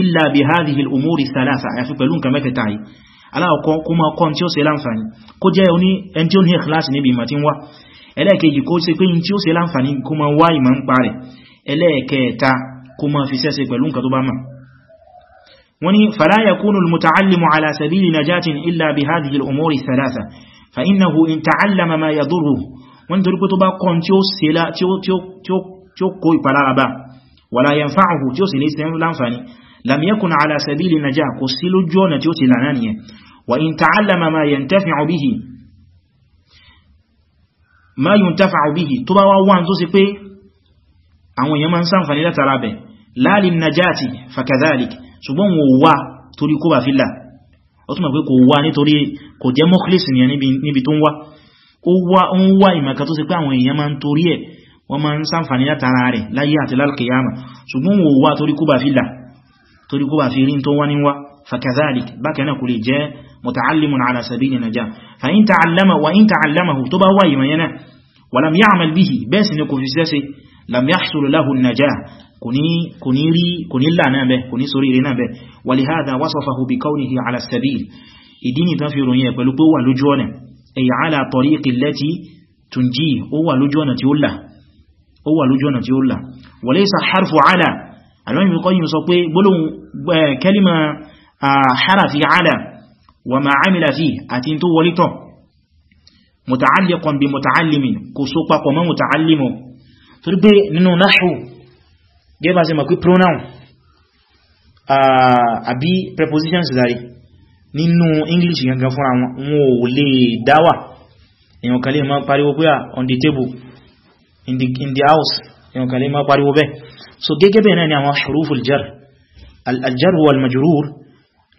illa bi hadhihi al-umuri thalatha àyàfi pẹ̀lú nǹkan mẹ́tẹ̀ẹ̀ta yìí aláwọ̀kọ́ kó máa kọ́ tí ó ṣe láǹfààní kó jẹ́ oní ẹni tí ó ní ikhlas níbi ìmọ̀ tí ń wá ẹlẹ́ẹ̀kejì kó ṣe pé tí ó ṣe láǹfààní kó máa wá ìmọ̀ ń pa rẹ̀ ẹlẹ́ẹ̀kẹta kó máa fi sẹ́sẹ pẹ̀lú nǹkan tó bá mọ̀ wọ́n ní fala yakunu al-muta'allimu ala sabili najatin illa bi hadhihi al-umuri thalatha fa innahu in ta'allama ma yadurruhu wọ́n torí pé tó bá kọ́ tí ó kó ìpalára bá wala yanfa'uhu tí ó sì ní sí láǹfààní lam yakun ala sabili najah kò sí lójú ọ̀nà tí ó ti lànà nìyẹn wa in ta'allama ma yantafi'u bihi ma yuntafa'u bihi tó bá wá wá tó sì pé àwọn èèyàn máa ń ṣàǹfààní látara bẹ̀ láàrin najati fakadhalik ṣùgbọ́n wọn wá torí kó bá fílà ó túnmọ̀ pé kò wá nítorí kò jẹ́ mọ́kílìsì ní níbi tó ń wá ó wá ń wá ìmọ̀ká tó sì pé àwọn èèyàn máa ń torí ẹ̀ wọ́n máa ń ṣàǹfààní látara rẹ̀ láyé àti lálkìyàmà ṣùgbọ́n wọn wá torí kó bá fílà torí kó bá fi rí tó wá níwá فكذلك bákan náà kò lè jẹ́ متعلم على سبيل النجاة فإن تعلمه وإن تعلمه tó bá wáyé mọ̀ yẹnà ولم يعمل به bẹ́ẹ̀ sì ni kò fi sẹ́sẹ́ لم يحصل له النجاة kò ní là náà bẹ́ kò sórí rẹ̀ náà bẹ́ ولهذا وصفه بكونه على السبيل ìdí ni tán fi ròyìn ẹ̀ pẹ̀lú pé ó wà lójú ọ̀nà أي على طريق التي تنجيه ó wà lójú ọ̀nà tí ó là وليس حرف على alimami kọ́ yìí sọ pé gbólóhùn kẹlìmọ̀ harafi ala wa ma amila fi àti tó wọlé tọ̀ muta'alliqun bi muta'allimin kò so pronoun àbí prepositions dari nínú english gangan fúnra wọn ò lè dáwà èyàn kan lè máa pariwo pé on the table in the, in the house èyàn kan lè pariwo bẹ́ẹ̀ so gẹ́gẹ́ bẹ́ẹ̀ náà ni àwọn huruful jar al-jar wal majrur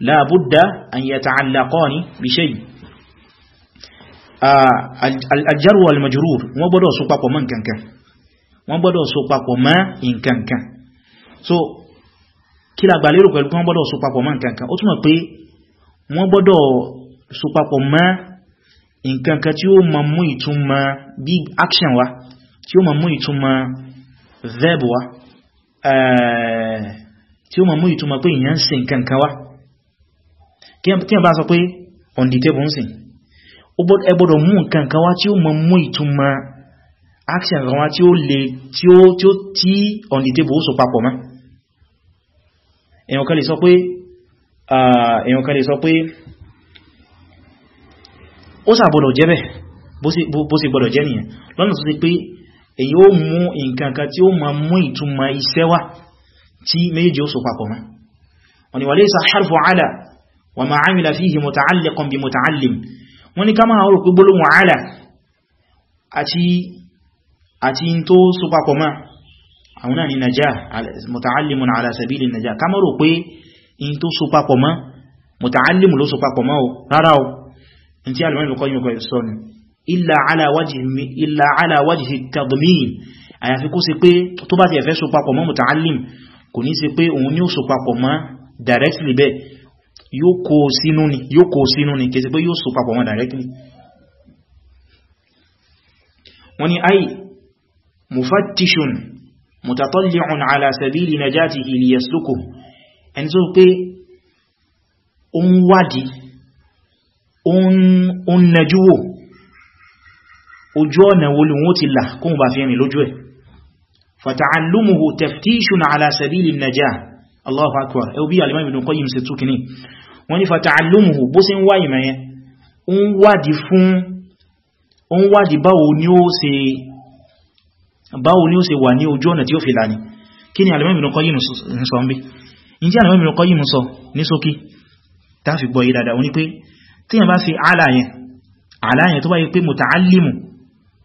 la budda an yata'allaqani bi shay ah, al-jar wal majrur wọ́n gbọ́dọ̀ so papọ̀ mọ́ nǹkankan wọ́n gbọ́dọ̀ so papọ̀ mọ́ nǹkankan so kí la gbà lérò pẹ̀lú wọ́n gbọ́dọ̀ so papọ̀ mọ́ nǹkankan ó túmọ̀ pé wọ́n gbọ́dọ̀ so papọ̀ mọ́ nǹkankan tí ó ma mú ìtumọ̀ bí action wa tí ó ma mú ìtumọ̀ verb wa Eh, tí ó ma mú ìtumọ̀ pé ìyàn sin kankan wá kí a bá sọ pé on the table ń sin ẹ gbọ́dọ̀ mú kankan wá tí ó ma mú ìtumọ̀ action kan wá tí ó lè tí ó tí ó tí on the table ó so papọ̀ mọ́ èyàn kan lè sọ pé èyàn kan lè sọ pé ó sàbọ̀dọ̀ jẹ́ bẹ́ẹ̀ bó sì gbọ́dọ̀ jẹ́ nìyàn lọ́nà tó sì pé èyí ó mú nǹkan kan tí ó ma mú ìtumọ̀ iṣẹ́ wá tí méjì ó so papọ̀ mọ́ wọ́n ni walaysa harfu ala wa ma amila fihi muta'alliqun bi muta'allim wọ́n ni ká máa rò pé gbólóhùn ala àti àti in tó so papọ̀ mọ́ àwọn náà ni najah muta'allimun ala sabili illa ala wajhi illa ala wajhi tadmin àyàfi kó ṣe pé tó bá ti ẹ̀fẹ́ so papọ̀ mọ́ muta'allim kò ní ṣe pé òun ni ó so papọ̀ mọ́ directly bẹ́ẹ̀ yóò kó sínú ni yóò kó sínú ni kìí ṣe pé yóò so mọ́ directly wọ́n ni ay mufattishun mutatalli'un ala sabili najatihi liyasluku ẹni tó pé ó ń wádìí ó ń najúwò ojú ọ̀nà wo lòun ó ti là kó mú bá fi rìn lójú ẹ̀ fata'allumuhu taftishun ala sabili najah Allahu akbar ẹ bí alimami Ibn Qayyim ṣe túnkì ní wọ́n ni fata'allumuhu bó sí ń wá ìmọ̀ yẹn ń wádìí fún ń wádìí báwo ni ó ṣe báwo ni ó ṣe wà ní ojú ọ̀nà tí ó fi là ní kí ni alimami Ibn Qayyim ń sọ ń bí in tí alimami tó bá pé muta'allimu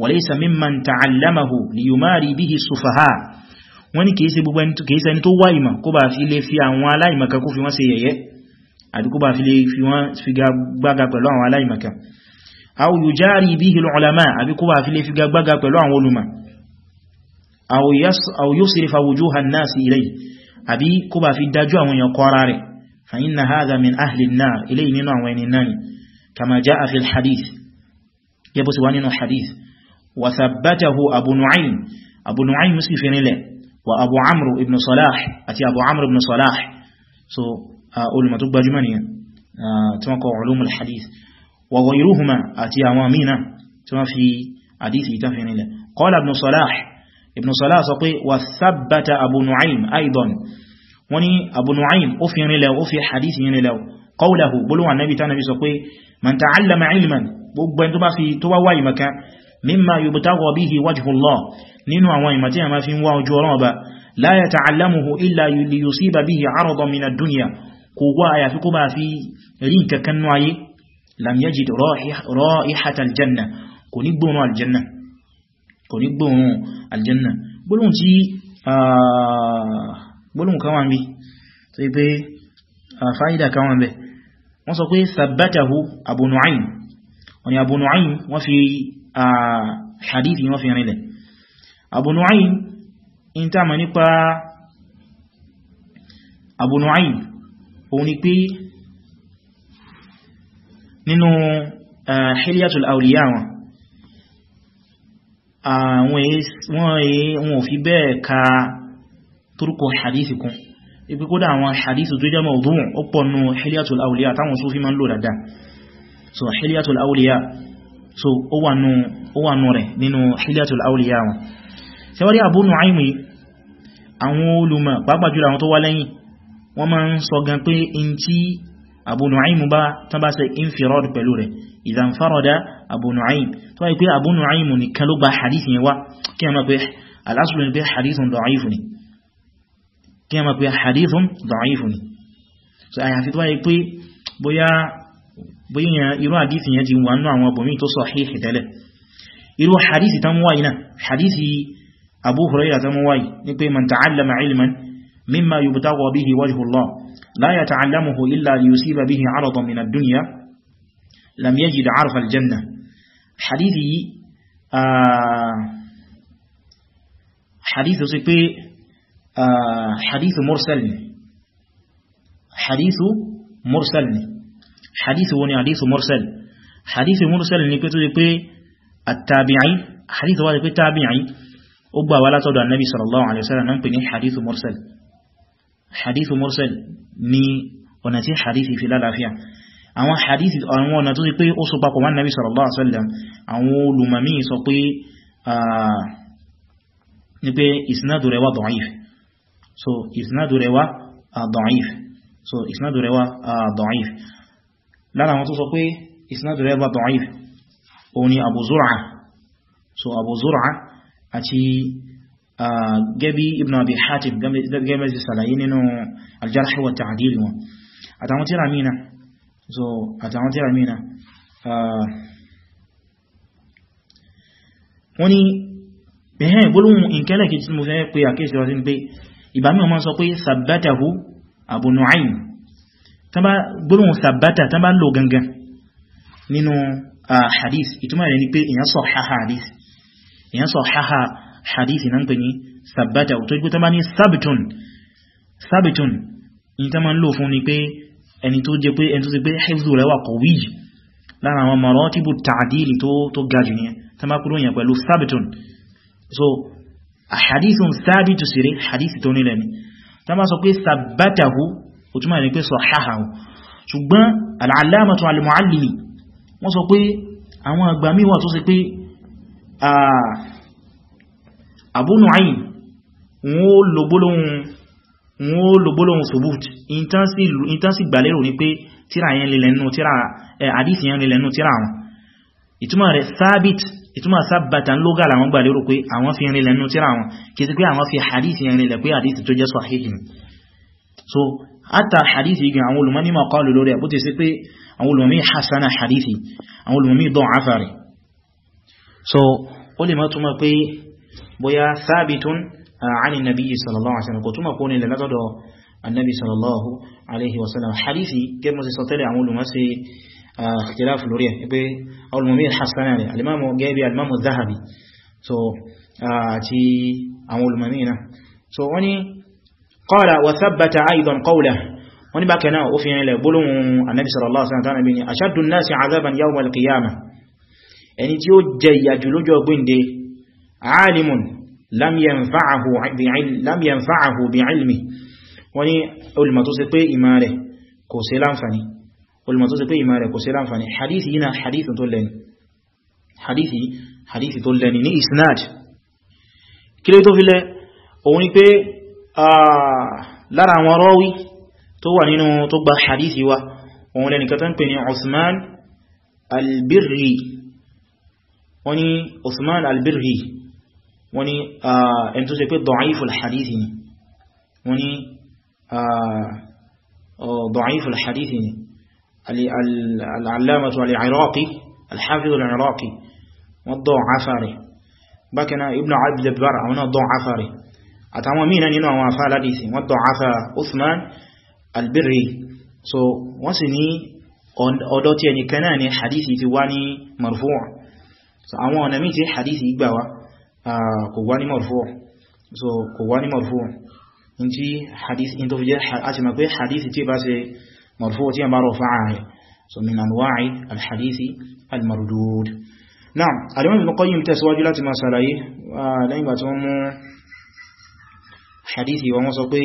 وليس ممن تعلمه ليماري به السفهاء wọ́n ní kìí ṣe gbogbo kìí ṣe ẹni tó wá ìmọ̀ kó bá fi lè fi àwọn aláìmọ̀ká kó fi wọ́n ṣe yẹ̀yẹ́ àti kó bá fi lè fi wọ́n fi gbága pẹ̀lú àwọn aláìmọ̀ká aw yujari bihi al-ulama àbí kó bá fi lè fi gbága pẹ̀lú àwọn olùmọ̀ aw yusrifa wujuha an-nas ilayhi àbí kó bá fi dájú àwọn èèyàn وثبته أبو نعيم أبو نعيم مسلفين له وأبو عمرو ابن صلاح أتي أبو عمرو ابن صلاح سو أقول آه، ما تبقى جمانيا آه، تنقى علوم الحديث وغيرهما أتي أمامينا تما في حديث تنفين له قال ابن صلاح ابن صلاح سقي وثبت أبو نعيم أيضا وني أبو نعيم أفين له حديث حديثين له قوله بلو النبي تنبي سقي من تعلم علما بقبين تبا في تبا واي مكان mímá yubtagha bihi wajhullah nínú àwọn ìmọ̀ tí a máa fi ń wá ojú ọ̀rọ̀ ọba la yata'allamuhu illa liyusiba bihi 'aradan min ad-dunya kò wá àyàfi kó bá fi rí nǹkankan nú ayé lam yajid ra'ihata aljanna kò ní gbóòrùn aljanna kò ní gbóòrùn aljanna gbólóhùn tí gbólóhùn kan wà ń bí tó yí kan wà ń bẹ̀ wọ́n sọ sabbatahu Abu Nu'aym wọ́n Abu Nu'aym wọ́n fi hadithi wọ́n fi rinlẹ̀ Abu Nu'aym in ta ma nípa Abu Nu'aym òun ni pé nínú Hilyatul Awliya wọn àwọn òfin bẹ́ẹ̀ ka turko hadithi kun ipi kódà àwọn hadithu tó jẹ́ mawdu' ọpọ̀ nù Hilyatul Awliya táwọn Sufi ma ń lò dáadáa so Hilyatul Awliya so ó wà nù ó wà nù rẹ̀ nínú Hilyatul Awliya wọn ṣe wọ́n rí Abu Nu'aym àwọn olùmọ̀ pàápàá jùlọ àwọn tó wá lẹ́yìn wọ́n máa ń sọ gan pé in tí Abu Nu'aym bá tán bá ṣe infirad pẹ̀lú rẹ̀ idhan farada Abu Nu'aym tó wáyé pé Abu Nu'aym bóyá bóyíyàn irú àdísì yẹn ti wà nínú àwọn ọbọ̀mí tó sahihi tẹ́lẹ̀ irú hadisi tán wáyìí náà hadisi Abu tán wáyìí ní pé man ta'allama ilman mimma yubtagha bihi wajhu Allah la yata'allamuhu illa liyusiba bihi 'aradan min ad-dunya lam yajid 'arfa al-janna hadisi hadisi sí pé hadisi mursal hadisi mursal ni hadith wo ni hadith mursal hadith mursal ni pé tó jẹ́ pé at-tabi'i hadith wá jẹ́ pé tabi'i ó gbà wá látọ̀dọ̀ annabi sallallahu alaihi wasallam nan pè ní hadith mursal hadith mursal ni ọ̀nà tí hadith fi lálàáfíà àwọn hadith àwọn ọ̀nà tó jẹ́ pé ó so papọ̀ man nabi sallallahu alaihi wasallam àwọn olumami sọ pé ah ní pé isnadu rẹ̀ da'if so isnadu rẹ̀ wà da'if so isnadu rẹ̀ wà da'if lára wọn tó sọ pé isnadu rẹ̀ bá da'if o ni Abu Zur'a so Abu Zur'a àti gẹ́bí Ibn Abi Hatim gẹ́bẹ̀ sí sàlàyé nínú al-Jarh wa at-Ta'dil wọn àtàwọn tíra mìíràn so àtàwọn tíra mìíràn wọ́n ni ẹ̀hẹ́ ìgbólóhùn ìkẹ́lẹ̀kì tí mo fẹ́ pé àkéṣẹ́ ọdún pé ìbámi ọmọ sọ pé sabbatahu Abu Nu'aym gbólóhùn sàbátà tán bá lò gangan nínú hadith ìtumọ̀ rẹ̀ ni pé èyàn sọ haha hadith èyàn sọ haha hadith náà pè ní sàbátà ò tó gbé tán bá ní sabitun sabitun ní tán máa ń lò fún ni pé ẹni tó jẹ pé ẹni tó ti pé hifzu rẹ̀ wà qawi lára àwọn maratibu ta'dili tó gajù ní tán bá kúrò yẹn pẹ̀lú sabitun so hadithun sabitu sire hadith tó nílẹ̀ ni tán bá sọ pé ojúmọ́ ẹni pé sọ̀háhàwò ṣùgbọ́n al-allamatu al-muallimi wọ́n sọ pé àwọn àgbàmí wà tó sì pé Abu Nu'aym wọ́n lò gbólóhùn subut ìntán sì gbàlérò ní pé tíra yẹn lè lẹ́nu tíra àdífì yẹn lè lẹ́nu tíra àwọn ìtumọ̀ rẹ̀ sábit ìtumọ̀ sábàtà ń lógà làwọn gbàlérò pé àwọn fi rin lẹ́nu tíra àwọn kìí sí pé àwọn fi hadith yẹn rinlẹ̀ pé hadith tó jẹ́ sọ àhíhìn so àtà hadithi gan àwọn olùmọ̀ ní maqalu lórí àbútẹ́ sí pé àwọn olùmọ̀ mí hasana hadithi àwọn olùmọ̀ mí dán afari so ó lè má túnmọ̀ pé bóyá thabitun àní nabi sallallahu alaihi wasallam kò túnmọ̀ kó nílẹ̀ látọ̀dọ̀ hadithi gẹ́ sí sọ àwọn olùmọ̀ sí ikhtilaf lórí ẹ̀ pé àwọn olùmọ̀ hasana rẹ̀ alimamu gẹ́bí alimamu zahabi so àti àwọn olùmọ̀ mí náà so wọ́n قال وثبت أيضا قوله ونبكنا أفين إلى بلو النبي صلى الله عليه وسلم أشد الناس عذابا يوم القيامة يعني تيو جي جلوجو بندي عالم لم ينفعه لم ينفعه بعلمه وني علم تسقي إماره كسلام فني علم تسقي إماره كسلام فني حديث هنا حديث تولن حديث حديث تولن ني إسناد كليتو في له بي lára wọn rọ́wí tó wà nínú tó gba hadithi wa wọn lẹ́nìkan tó ń pè ní Uthman albirri wọ́n ni Uthman albirri wọ́n ni ẹni tó ṣe pé da'iful hadithi ni wọ́n ni da'iful hadithi ni al'allamatu al'iraqi alhafiz al'iraqi wọ́n da'afa rẹ̀ bákaná ibn abd al-bar àwọn da'afa rẹ̀ àtàwọn míì náà nínú àwọn afá aládìsí wọ́n tọ̀ afá Uthman albirri so wọ́n sì ní ọ̀dọ̀ tí ẹnìkan náà ni hadithi ti wá ní marfu'a so àwọn ọ̀nà míì tí hadithi gbà kò wá ní marfu'a so kò wá ní marfu'a in tí hadith in tó fi jẹ́ àti mọ̀ tí bá ṣe marfu'a tí a bá rọ̀ fáà so min anwa'i alhadithi almardud hadithi wọn wọ́n sọ pé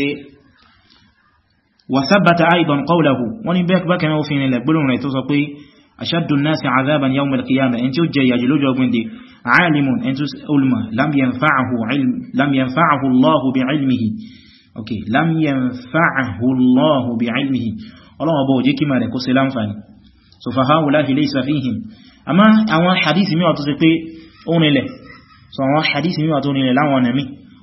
وثبت أيضا قوله وني بك بك ما وفين لك بلون رأيتو سقي أشد الناس عذابا يوم القيامة أنت جاي يجلو جو بندي عالم أنت علم لم ينفعه علم لم ينفعه الله بعلمه أوكي لم ينفعه الله بعلمه الله أبو جيكي ما رأيكو سلام فاني so فهؤلاء ليس فيهم أما أوان حديث ميواتو سقي أوني لك so أوان حديث ميواتو أوني لك لا وانا مي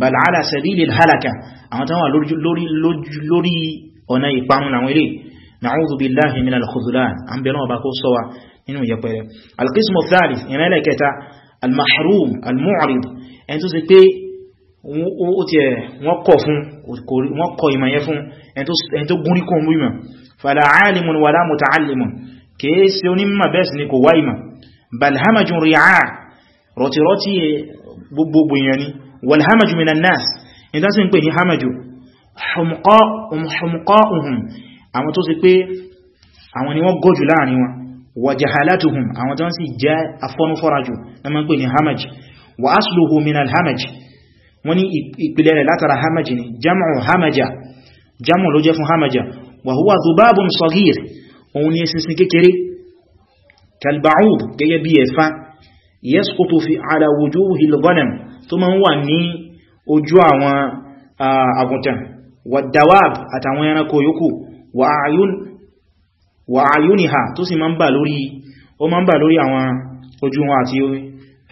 bal ala sabilil halaka àwọn tán wà lórí ọ̀nà ìparun àwọn ilé na'udhu billahi min al-khudlan an bẹ̀rẹ̀ ọba kó sọ́wà nínú yẹpẹrẹ al-qismu thalith ìrìn ẹlẹ́kẹta al-mahrum al-mu'rid ẹni tó sì pé wọ́n kọ ìmọ̀yẹ fún ẹni tó gúnrí kó mú ìmọ̀ fala alimun wala muta'allimun kìí sí onímọ̀ bẹ́ẹ̀ sì ni kò wá ìmọ̀ bal hamajun ri'a rọ̀tìrọ̀tì gbogbogbò ìyẹn ni walhamaju minan nas in ta sin pè ní hamaju um, humqa'uhum àwọn tó sì pé àwọn ni wọ́n goju láàrin wọn wa jahalatuhum àwọn tó sì jẹ́ afonu foraju na ma pè ní hamaj wa asluhu min alhamaj wani ìpìlẹ̀ rẹ̀ látara hamaj ni jam'u hamaja jam'u ló fi ala wujuhil ghanam tó máa ń wà ní ojú àwọn àgùntàn wà dawab àtàwọn ẹranko yòókù wà àyúnihà tó sì máa ń bà lórí àwọn ojú wọn àti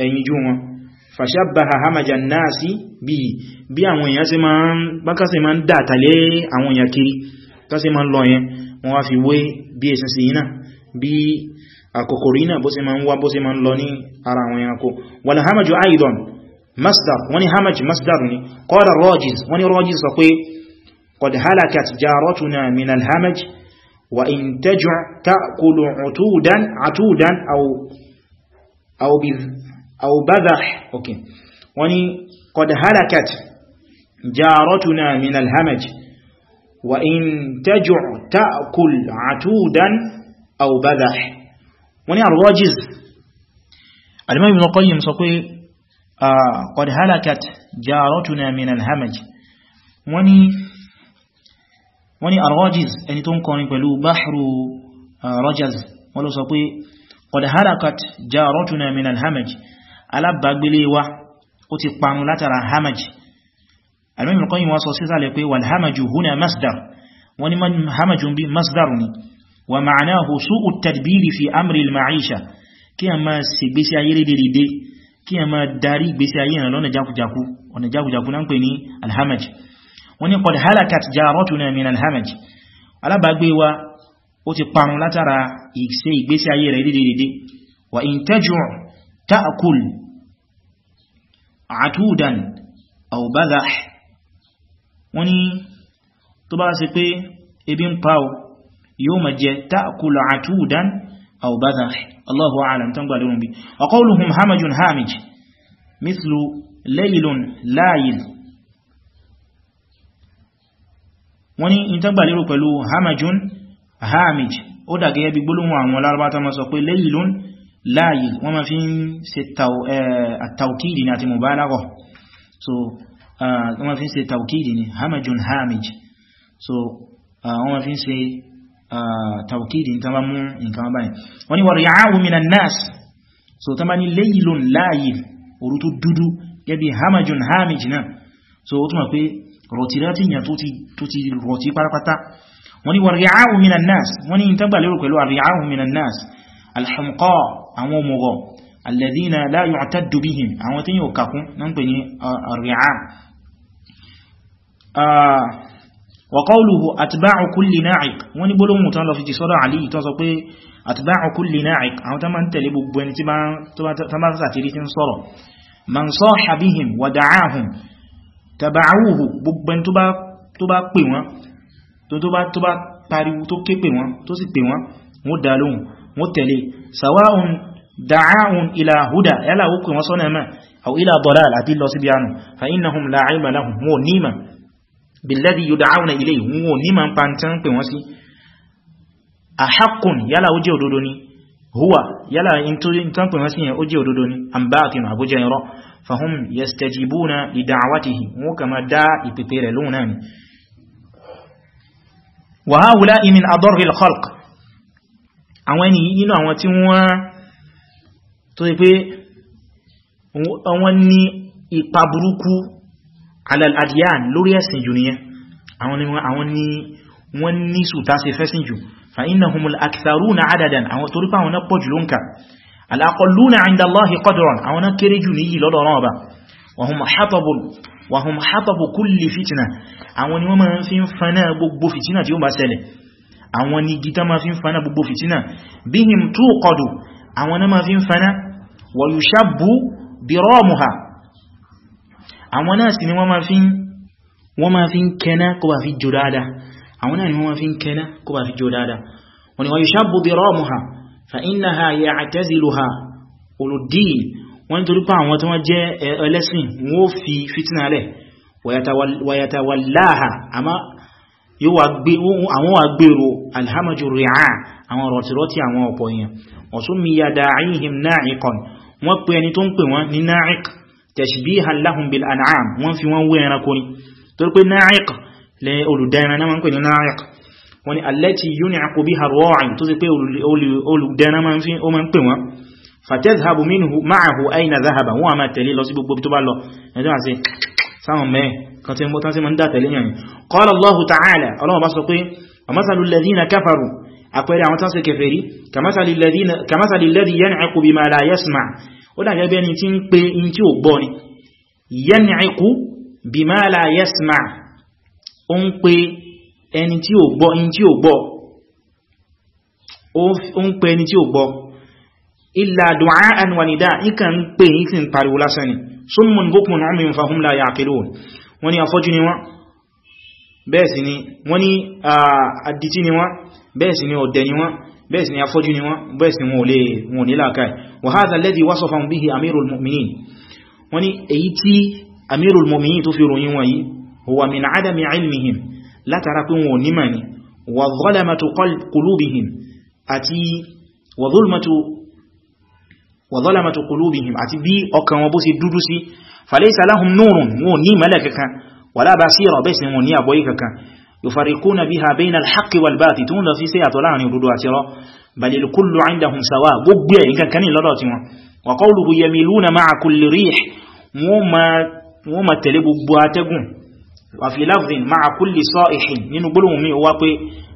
ẹ̀yìnjú wọn fàṣàbàhà hamajà náà sí bí bí àwọn èèyàn sí máa ń bákásẹ̀ máa ń dàtàlé àwọn èèyàn kiri kásẹ̀ máa ń lọ yẹn wọ́n wá fi wé bí ẹ̀sẹ̀sẹ̀ yìí náà bí àkòkòrí náà bó ṣe máa ń wá bó ṣe máa ń lọ ní ara àwọn ẹranko wàlá hamajù aidan مصدر وني همج مصدرني قال الراجز وني راجز فقوي قد هلكت جارتنا من الهمج وإن تجع تأكل عتودا عتودا أو أو, أو بذح أوكي. وني قد هلكت جارتنا من الهمج وإن تجع تأكل عتودا أو بذح وني الراجز المهم ابن القيم سقوي قد هلكت جارتنا من الهمج وني وني الراجز أن تنقل بلو بحر رجز ولو سقوي قد هلكت جارتنا من الهمج على بغبلي و وتقام لترى همج المهم القيم وصوصيصة لقوي والهمج هنا مصدر وني من همج بمصدرني ومعناه سوء التدبير في أمر المعيشة كما سيبسي عيري دي, دي, دي kí ẹ máa darí ìgbésí ayé ìrìn lọ́nà jákújákú ọ̀nà jákújákú náà ń pè ní alhamaj wọ́n ní qad halakat jaratuna min alhamaj alábàágbé wa ó ti parun látara ìṣe ìgbésí ayé rẹ̀ dédédé wa in tajur ta'kul atudan aw badhah wọ́n ní tó bá ṣe pé ebi ń pa yóò máa jẹ ta'kul أو بذخ الله أعلم تنقلون به وقولهم همج هامج مثل ليل لايل wani in tagba lero pẹ̀lú hamajun hamij ó dà gẹ́gẹ́ bí gbólóhùn àwọn Lárúbá ta ma sọ pé leilun laayil wọ́n ma fi ń ṣe taukidi ni àti mubalagha so ah, wọ́n ma fi ń ṣe taukidi ni hamajun hamij so ah, wọ́n ma fi ń ṣe tàwọ̀kìdì nǹkan bá mú nǹkan báyìí wọ́n ni wọ̀rọ̀ yàáwù minan nas so ta ma ni laylun láàyè òru tó dúdú gẹ́bí hamajun hamij náà so ó túnmà pé rọ̀tìrátì yàn tó ti rọ̀tí pátápátá wọ́n ni wọ̀rọ̀ yàáwù àwọn ọmọgọ̀ alladhina وقوله أتباع كل ناعق wọ́n ní gbólóhùn tán lọ fi ti sọ́dọ̀ àlì ìtọ́ sọ pé أتباع كل ناعق àwọn tán máa ń tẹ̀lé gbogbo ẹni tí bá sàtìrí tí ń sọ́rọ̀ man صاح بهم ودعاهم تبعوه gbogbo ẹni tó bá pè wọ́n tó bá pariwo tó ké pè wọ́n سواء دعاهم إلى هدى yálà ó أو إلى ضلال àbí lọ síbi فإنهم لا لهم wọ́n níma billadhi yud'auna ilayhi wọn ò ní ma ń pa tí ń pè wọ́n sí ahaqqun yálà ó jẹ́ òdodo ni huwa yálà in tó ń pè wọ́n sí yẹn ó jẹ́ òdodo ni an baatil àbújá ẹ̀rọ fahum yastajibuna li da'watihi wọn kà máa dá ìpèpè rẹ̀ lóhun náà ni alal adyan lórí ẹ̀sìn jù nìyẹn àwọn ni wọ́n ní sùtá sí fẹ́sìn jù fa innahumul aktharuna adadan àwọn torí pa àwọn náà pọ̀ jù ló ń ka al aqalluna inda Allahi qadran àwọn náà kéré jù níyì lọ́dọ̀ ọ̀rọ̀ ọba wa hum hatabu kulli fitna àwọn ni wọ́n máa fi àwọn náà sì ni wọ́n máa fi ń wọ́n máa fi ń kẹná kó bá fi jò dáadáa àwọn náà ni wọ́n máa fi ń kẹná kó bá fi jò dáadáa wọ́n ni wọ́n yóò ṣàbò bí rọ́ọ̀mù ha fa iná ha yà àtẹ́zìlú ha olùdí wọ́n ni torípa àwọn tí wọ́n jẹ́ ẹlẹ́sìn wọ́n fi tashbihan lahum bil an'am wọ́n fi wọ́n wé ẹranko ni torí pé na'iq lẹ olùdẹran náà ma ń pè ní na'iq wọ́n ni allati yun'aqu biha ar-ra'i tó sì pé olùdẹran ma ń fi ó ma ń pè wọ́n fatadhhabu minhu ma'ahu ayna dhahaba wọ́n a máa tẹ̀lé lọ sí gbogbo tó bá lọ ẹjọ́ àti sáwọn mẹ́ kan tí wọ́n tí ma ń dá tẹ̀lé yàn qala ó dà gẹ́gẹ́ ni tí ń pe in tí ò gbọ́ ni yan'iqu bima la yasma' ó ń pe ẹni tí ò gbọ́ in tí ò gbọ́ ó ń pe ẹni tí ò gbọ́ illa du'a'an wa nidaa' ìkà ń pe ìkìn pariwo lásán ni summun bukmun umyun fahum la ya'qilun wọ́n ni afọ́jú ni wọ́n ni wọ́n ah, ni wọ́n bẹ́ẹ̀ bẹ́ẹ̀ sì ni afọ́jú ni wọ́n bẹ́ẹ̀ sì wọn ò lè wọn ní làákàí wa hadha alladhi wasafahum bihi amirul mu'minin wọ́n ni èyí tí amirul mu'minin tó fi ròyìn wọ̀nyí huwa min adami ilmihim látara pé wọn ò nímà ni wa dhalamatu qulubihim àti wa dhulmatu wa dhalamatu qulubihim àti bí wọn ní يفرقون بها بين الحق والباطل تون لو سي اتولا ان يدودو اتيرو بل الكل عندهم سواء غبي ان كان لدو تي وان وقوله يميلون مع كل ريح وما وما تلبو اتغون وفي لفظ مع كل صائح نينو بلو مي او بي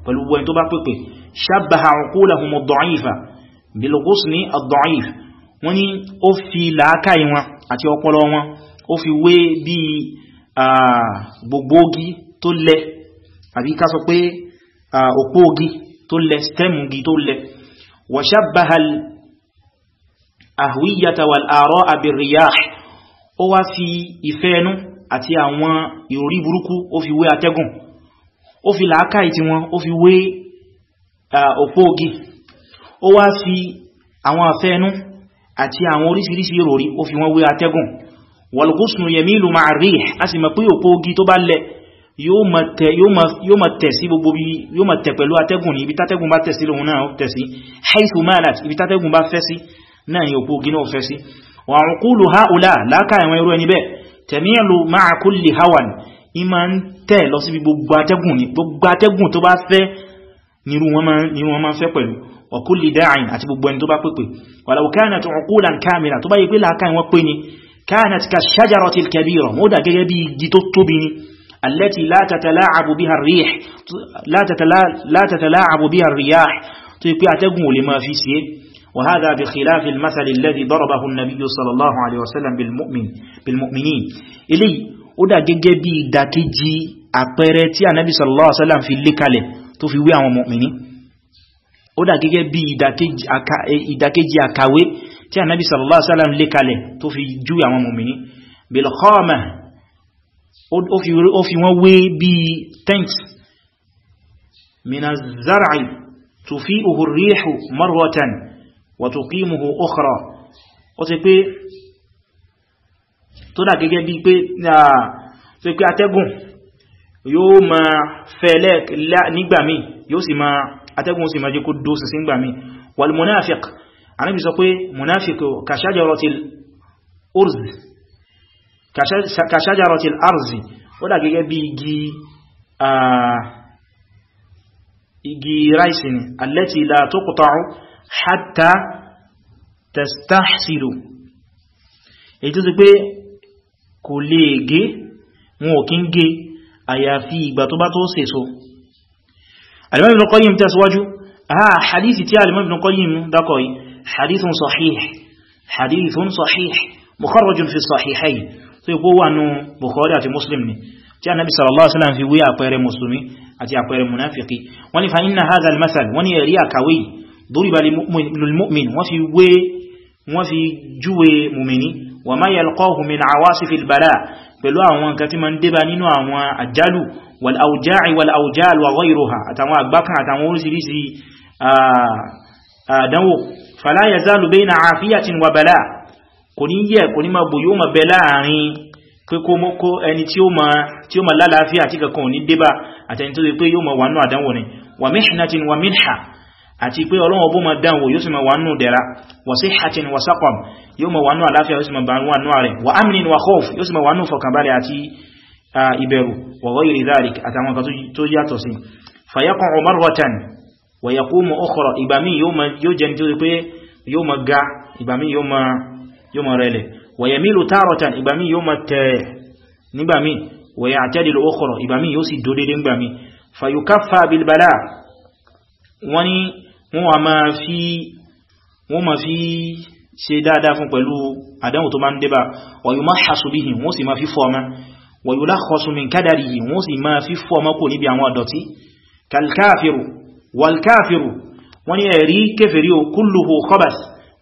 pẹ̀lú gbogbo ẹni tó bá pèpè ṣábàá àkúlàhùn ọ̀dọ̀ọ̀yìnfà bilghusni ọ̀dọ̀ọ̀yìnf wọ́n ni ó fi làákàí wọn àti ọpọlọ wọn ó fi wé bí gbogbo ogi tó lẹ́ àbí ká sọ pé òpó ogi tó lẹ stem gi tó lẹ wa shabbaha al-ahwiyata wal-ara'a bir-riyah ó wá fi ìfẹ́ ẹnu àti àwọn ìròrí burúkú ó fi wé atẹ́gùn ó fi làákàì tí wọn ó fi wé òpó ogi ó wá fi àwọn àfẹ́ ẹnu àti àwọn oríṣiríṣi ìròrí ó fi wọ́n wé atẹ́gùn wal-ghusnu yamilu ma'a a sì mọ̀ pé òpó ogi tó bá lẹ yóò ma tẹ̀ sí gbogbo bí yóò ma tẹ̀ pẹ̀lú atẹ́gùn ní ibi tátẹ́gùn bá tẹ̀ sí lóhun náà tẹ̀ sí haifu malat ibi tátẹ́gùn bá fẹ́ sí náà yóò pò gínà fẹ́ sí wà ń kúlù haula láká ẹ̀wọ̀n irú ẹni bẹ́ẹ̀ tẹ̀míẹ̀lú máa kulli hawan ima ń tẹ̀ lọ sí gbogbo atẹ́gùn ní gbogbo atẹ́gùn tó bá fẹ́ nírú wọn máa fẹ́ pẹ̀lú wa kulli da'in àti gbogbo ẹni tó bá pèpè التي لا تتلاعب بها الريح لا تتلا لا تتلاعب بها الرياح تيقي اتغمو لما في سي وهذا بخلاف المثل الذي ضربه النبي صلى الله عليه وسلم بالمؤمن بالمؤمنين إلي ودا gẹ́gẹ́ bí ìdàkejì àpẹẹrẹ tí Ànábì sallallahu alaihi wasallam fi lé kalẹ̀ tó fi wé àwọn mu'mini ó dà gẹ́gẹ́ bí eh, ìdàkejì àkàwé tí Ànábì sallallahu alaihi wasallam lé kalẹ̀ fi júwe àwọn mu'mini bil khama ó fi wọ́n wé bí thanks mina zar'i tufi'uhu ar-rihu marwatan wa tuqimuhu ukhra ó ṣe pé tó dà gẹ́gẹ́ bí pé ṣe pé atẹ́gùn yóò ma fẹ́lẹ̀ nígbàmí yóò sì ma atẹ́gùn sì ma jẹ́ kó dó sí sí nígbàmí wal munafiq anábi sọ pé munafiq ka shajaratil urz kàṣájára ti arzi ó dà gẹ́gẹ́ bí igi igi ráìsì ni allati la tuqta'u hatta tastahsilu èyí tó ti pé kò lè gé wọn ò kí ń gé àyàfi ìgbà tó bá tó sèso Al-Imam Ibn Qayyim tẹ́síwájú ha hadithi tí Al-Imam Ibn dákọ̀ yìí hadithun sahih hadithun sahih mukharrajun fi sahihayn tó ipò wà nú Bukhari àti Muslim ni tí a nabi sallallahu alaihi wasallam fi wí àpẹẹrẹ musulmi àti àpẹẹrẹ munafiki wọ́n ni fa inna hadha al-masal wọ́n ni ẹ̀rí àkàwé duriba lil-mu'min wọ́n fi wé wọ́n fi júwe mùmìní wa ma yalqahu min awasifi al-bala pẹ̀lú àwọn nǹkan tí ma ń débá nínú àwọn àjálù wal-awja'i wal-awjal àtàwọn àgbákan àtàwọn orísìírísìí àdánwò fala yazalu bayna kò ní yẹ kò ní máa bò yóò máa bẹ láàrin pé kó mọ́kó ẹni tí ó máa lálàáfíà àti kankan ní débà àtẹni tó pé yóò máa wánú àdánwò ni wà mihnatin wà minha àti pé ọlọ́wọ́ bó máa dánwò yóò sì máa wánú dẹ̀ra wà sihhatin wà saqam yóò máa wánú àláfíà yóò sì máa wánú rẹ̀ wà amnin wà khawf yóò sì máa wánú fọkànbalẹ̀ àti ìbẹ̀rù jẹ́ nítorí pé yóò máa ga ìgbàmí yóò máa yóò mọ̀ rẹ̀lẹ̀ wàyẹ̀mílù tààrọ̀tàn ìgbàmí yóò mọ̀ tẹ̀ẹ̀ nígbàmí wàyẹ̀ àtẹ́dìlò ókọ̀rọ̀ ìgbàmí yóò sì dódédé ngbàmí fayukaffa bilbala wọ́n ni wọ́n ma fi ṣe dáadáa fún pẹ̀lú àdánwò tó máa ń débà wayumahhasu bihi wọ́n sì ma fi fọ́ ọmọ wayulakhasu min kadarihi wọ́n sì ma fi fọ́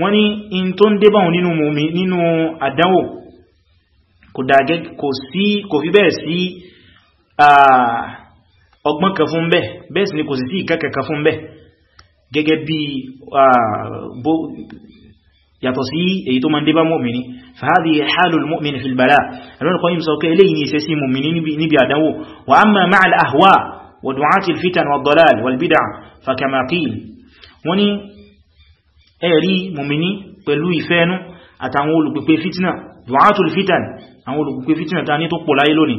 wọ́n ní in tó ń débà wọn nínú mọ̀mí nínú àdánwò kò dàgẹ́ kò sí kò fi bẹ́ẹ̀ sí ọgbọ́n kan fún bẹ́ẹ̀ bẹ́ẹ̀ sì ni kò sì sí ìkẹ́kẹ̀ẹ́kan fún bẹ́ẹ̀ gẹ́gẹ́ bí yàtọ̀ sí èyí tó ma ń débá mọ́mìnì fàáàdì hálùl mọ́mìnì filbala alwọ́n kọ́ yí ẹ̀rí mùmíní pẹ̀lú ìfẹ́ẹnú àtàwọn olùpèpè fitna du'atul fitan àwọn olùpèpè fitna ta ní tó pọ̀ láyé lónìí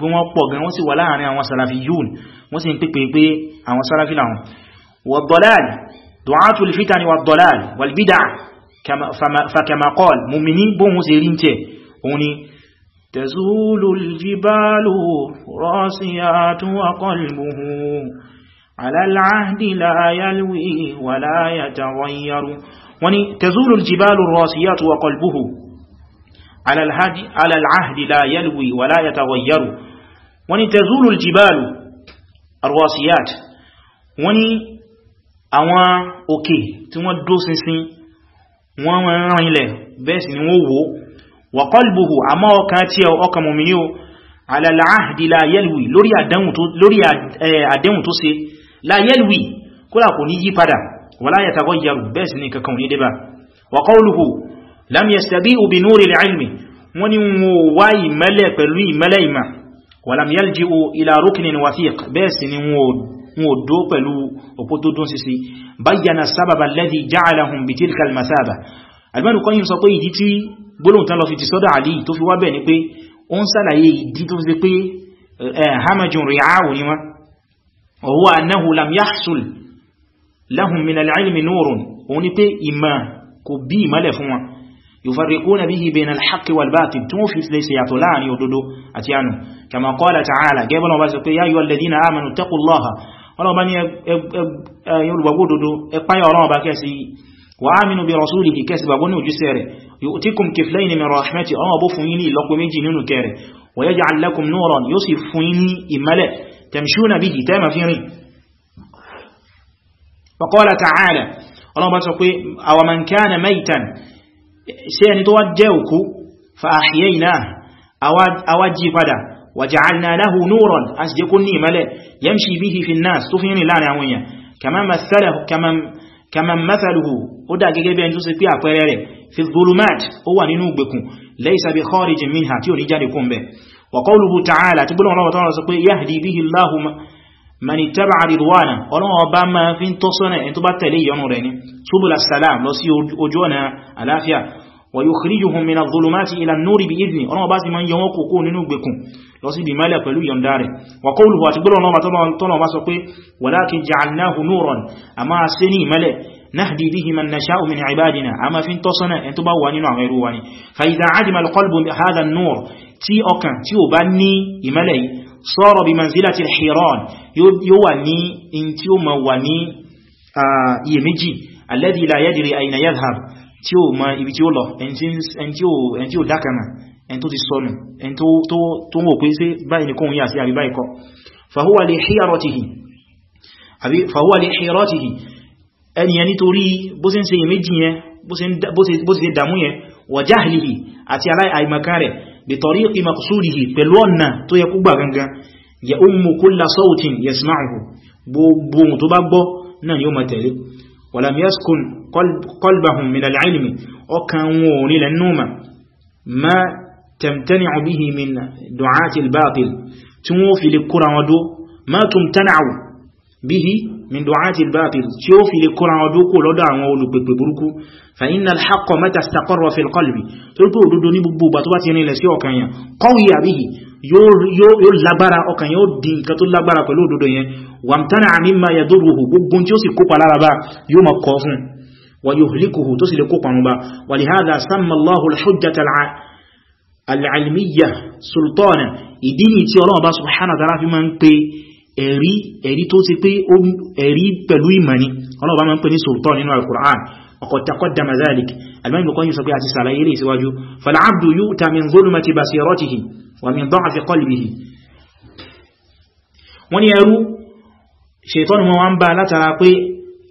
pé wọ́n pọ̀ gan wọ́n sì wà láàrin àwọn salafi yún wọ́n sì ń pèpè pé àwọn salafi làwọn wà dọ̀láàl du'atul fitan على العهد لا يلوي ولا يتغير وني تزول الجبال الراسيات وقلبه على الهدي على العهد لا يلوي ولا يتغير وني الجبال الراسيات وني àwọn òkè tí wọ́n dó sinsin wọ́n wọ́n rán ilẹ̀ bẹ́ẹ̀ sì ni wọ́n wò wa qalbuhu àmọ́ ọkàn tí ẹ ọkàn mọ̀mí ní o ala al la yalwi lórí àdéhùn tó eh, ṣe la yalwi kódà kò ní yí padà wala yataghayyaru bẹ́ẹ̀ sì ní kankan ní débà wa qawluhu lam yastabi'u bi nuril ilmi wọ́n ni wọ́n wá ìmẹ́lẹ̀ pẹ̀lú ìmẹ́lẹ̀ ìmà walam yalji'u ila ruknin wathiq bẹ́ẹ̀ sì ni wọ́n dó pẹ̀lú òpó tó dún sisi bayyana sábàbà alladhi ja'alahum bi tilka al-masaba Al-Albani Qayyim sọ pé ìdí tí gbólóhùn tán وهو أنه لم يحصل لهم من العلم نور ونبي إما كبي ملفوا يفرقون به بين الحق والباطل توفي ليس يطلعن يدودو أتيانو كما قال تعالى قبل ما يا أيها الذين آمنوا اتقوا الله ولو بني يلبغودو اقايا الله باكسي وآمنوا برسوله كسب بنو جسره يؤتكم كفلين من رحمته أو بفنيني لقمجي نونو كره ويجعل لكم نورا يصف فيني إملأ تمشون به تاما في رين وقال تعالى الله باتقوي أو من كان ميتا سيني توجهك فأحييناه أوجي فدا وجعلنا له نورا أسجكني ملئ يمشي به في الناس تفيني لا نعوية كما مثله كما كما مثله ودا gẹ́gẹ́ bí en tó ṣe pé àpẹrẹ rẹ̀ fi dhulumat ó wà nínú gbekun laysa bi kharij minha tí ó ní jáde kun be وقوله تعالى تقول الله تعالى يهدي به الله من اتبع رضوانه ọlọ́wọ́ ọba ma fi ń tọ́sọ́nà ẹni tó bá tẹ̀lé ìyọnu rẹ̀ ní subula salam lọ sí ojú ọ̀nà àláfíà wa yukhrijuhum min adh-dhulumati ila an-nuri bi'idhni ọlọ́wọ́ bá sì ma ń yọwọ́ kòkó nínú gbèkùn lọ sí ìmọ́lẹ̀ pẹ̀lú yọ̀ndà rẹ̀ wa qawluhu àti gbọ́lọ̀ ọlọ́wọ́ tọ́lọ̀ sọ pé walakin ja'alnahu nuran a máa sí ní ìmọ́lẹ̀ نهدي به من نشاء من عبادنا اما فين توسنا ان تو با وا نينو awon eru wa ni fa idha adima alqalb hadha an-nur tí ọkàn tí ó bá ní ìmọ́lẹ̀ yìí sara bi manzilati al-hiran yo wa ni in tí ó ma wa ni iyèméjì alladhi la yadri ayna yadhhab tí ó ma ibi tí ó lọ ti sọnù en tó tó tó wò pé ẹniyẹn nítorí bó ṣe ń ṣe iyèméjì yẹn bó ṣe dàmú yẹn wa jahlihi àti aláìmọ̀kan rẹ̀ bi tariqi maqsudihi pẹ̀lú ọ̀nà tó yẹ kó gbà gangan ya ummu kulla sawtin yasma'uhu gbogbo ohun tó min du'ati al-batil tí ó fi lè kóra wọn bí ó kó lọ́dọ̀ àwọn olùpèpè burúkú fa inna al-haqqa mata istaqarra fi al-qalbi tó rí pé òdodo ní gbogbo ìgbà tó bá ti ní ilẹ̀ sí ọkàn yẹn qawiya bihi yóò lágbára ọkàn yẹn ó di nǹkan tó lágbára pẹ̀lú òdodo yẹn wamtana'a mimma yadurruhu gbogbo tí ó sì kópa lára bá yóò mọ̀ kọ́ fún wa yuhlikuhu tó sì lè kópa mú bá wa lihadha samma Allahu al-hujjata al-'ilmiyya sultana ìdí ni tí Ọlọ́run subhanahu wa ta'ala fi máa pe ẹ̀rí ẹ̀rí tó ti pé ẹ̀rí pẹ̀lú ìmọ̀ni ọlọ́ọ̀bá máa ń pè ní sultan nínú al-Qur'an وقد تقدم ذلك المهم بقوله سبقية فالعبد يؤتى من ظلمة بصيرته ومن ضعف قلبه wọ́n ni ẹrú ṣètọ́nù wọn wọ́n bá látara pé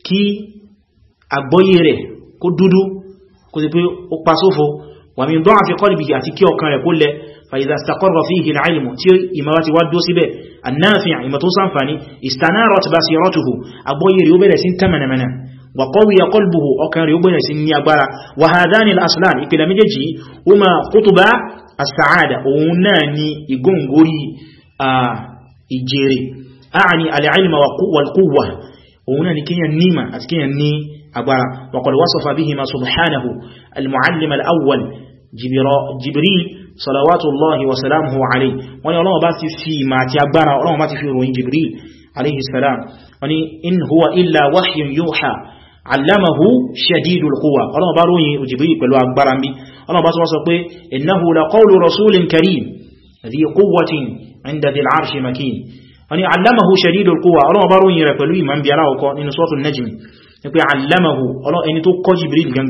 kí àgbọ́yé rẹ̀ ضعف قلبه àti kí ọkàn فإذا استقر فيه العلم تي إمارات ودو سبه النافع إما توصن فاني استنارت بصيرته أبوي يريو سن تمن منا وقوي قلبه أو كان يبدا سن يبارا وهذان الأصلان إكلا مجي وما قطب السعادة وناني إغنغوري ا آه، إجيري أعني العلم والقوة وناني كيان نيمة أتكيان ني أبارا وقد وصف بهما سبحانه المعلم الأول جبريل salawatullahi wa salamuhu alayhi wọ́n ní Ọlọ́run bá ti fi ìmọ̀ àti agbára Ọlọ́run bá ti fi ròyìn Jibril alayhi salam wọ́n ní in huwa illa wahyun yuha allamahu shadidul quwa Ọlọ́run bá ròyìn Jibril pẹ̀lú agbára mi Ọlọ́run bá sọ pé innahu la qawlu rasulin karim dhi quwwatin inda dhil arshi makin wọ́n ní allamahu shadidul quwa Ọlọ́run bá ròyìn rẹ̀ pẹ̀lú ìmọ̀ bí aláwọ̀kọ́ nínú suratul najm ni pé allamahu Ọlọ́run ẹni tó kọ́ Jibril gangan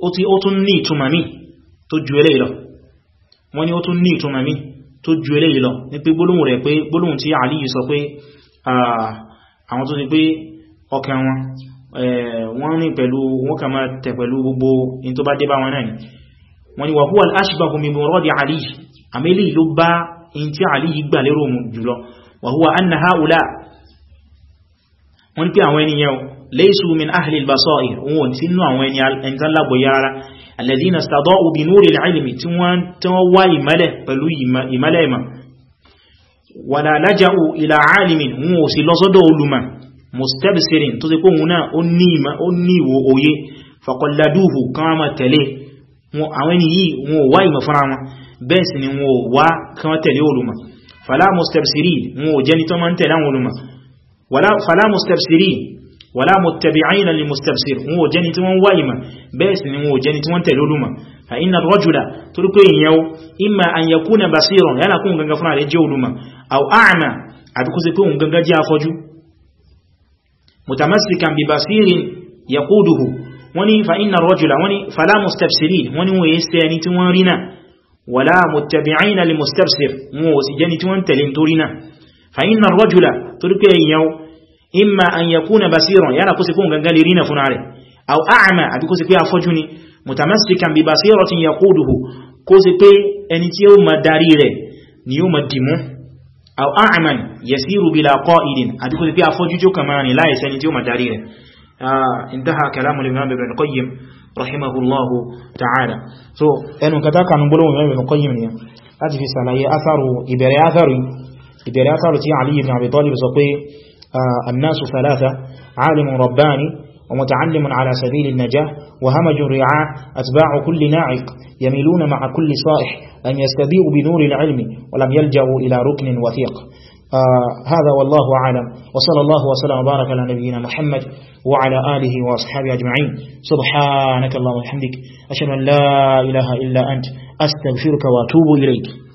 ó tún ní ìtumà mí tó ju eléyìí lọ wọ́n ní ó tún ní ìtumà mí tó ju eléyìí lọ ní pé gbólóhùn rẹ̀ pé gbólóhùn tí àlì yìí sọ pé àwọn tó ti pé ọkàn wọn wọ́n ní pẹ̀lú wọ́n kà máa tẹ̀ pẹ̀lú gbogbo in tó bá dé bá wọn náà wọ́n pé àwọn ènìyàn laysu min ahli al-basair wọ́n tí nú àwọn ẹni tán lágbò yára alladhina istada'u bi nuri al-ilmi tí wọ́n wá ìmọ́lẹ̀ pẹ̀lú ìmọ́lẹ̀ ìmọ̀ wala laja'u ila alimin wọ́n sì lọ́sọ́dọ̀ olùmọ̀ mustabsirin tó fàlá mustafsirin wàlá muttabi'ina lil mustafsir wọn ò jẹni tí wọ́n wá ìmọ̀ bẹ́ẹ̀ sì ni wọn ò jẹni tí wọ́n tẹ̀lé olùmọ̀ fa inna rajula torí pé èèyàn ó imma an yakuna basiran yálà kún gangan fúnra rẹ̀ jẹ́ olùmọ̀ aw a'ma àbíkú sí pé òun gangan jẹ́ afọ́jú mutamassikan bi basirin فإن الرجل تركي يو إما أن يكون بصيرا يلا كسكون غنغالي رينا فنعلي أو أعمى أبي كسكي أفجني متمسكا ببصيرة يقوده كسكي أنتيو مدارير نيو مدمو أو أعمى يسير بلا قائد أبي كسكي أفججو كمان لا يسني تيو مدارير آه انتهى كلام الإمام ابن القيم رحمه الله تعالى so ẹnu kata kanun gbọ́lọ́wọ̀n ìmọ̀ ìbẹ̀rẹ̀ kọ́yìn ni láti fi sàlàyé atharu ìbẹ̀rẹ̀ atharu قدر يقول علي بن ابي طالب الناس ثلاثة عالم رباني ومتعلم على سبيل النجاه وهمج رعاء أتباع كل ناعق يميلون مع كل صائح ان يستبيئوا بنور العلم ولم يلجأوا إلى ركن وثيق هذا والله أعلم وصلى الله وسلم وبارك على نبينا محمد وعلى آله وأصحابه أجمعين سبحانك اللهم وبحمدك أشهد أن لا إله إلا أنت أستغفرك وأتوب إليك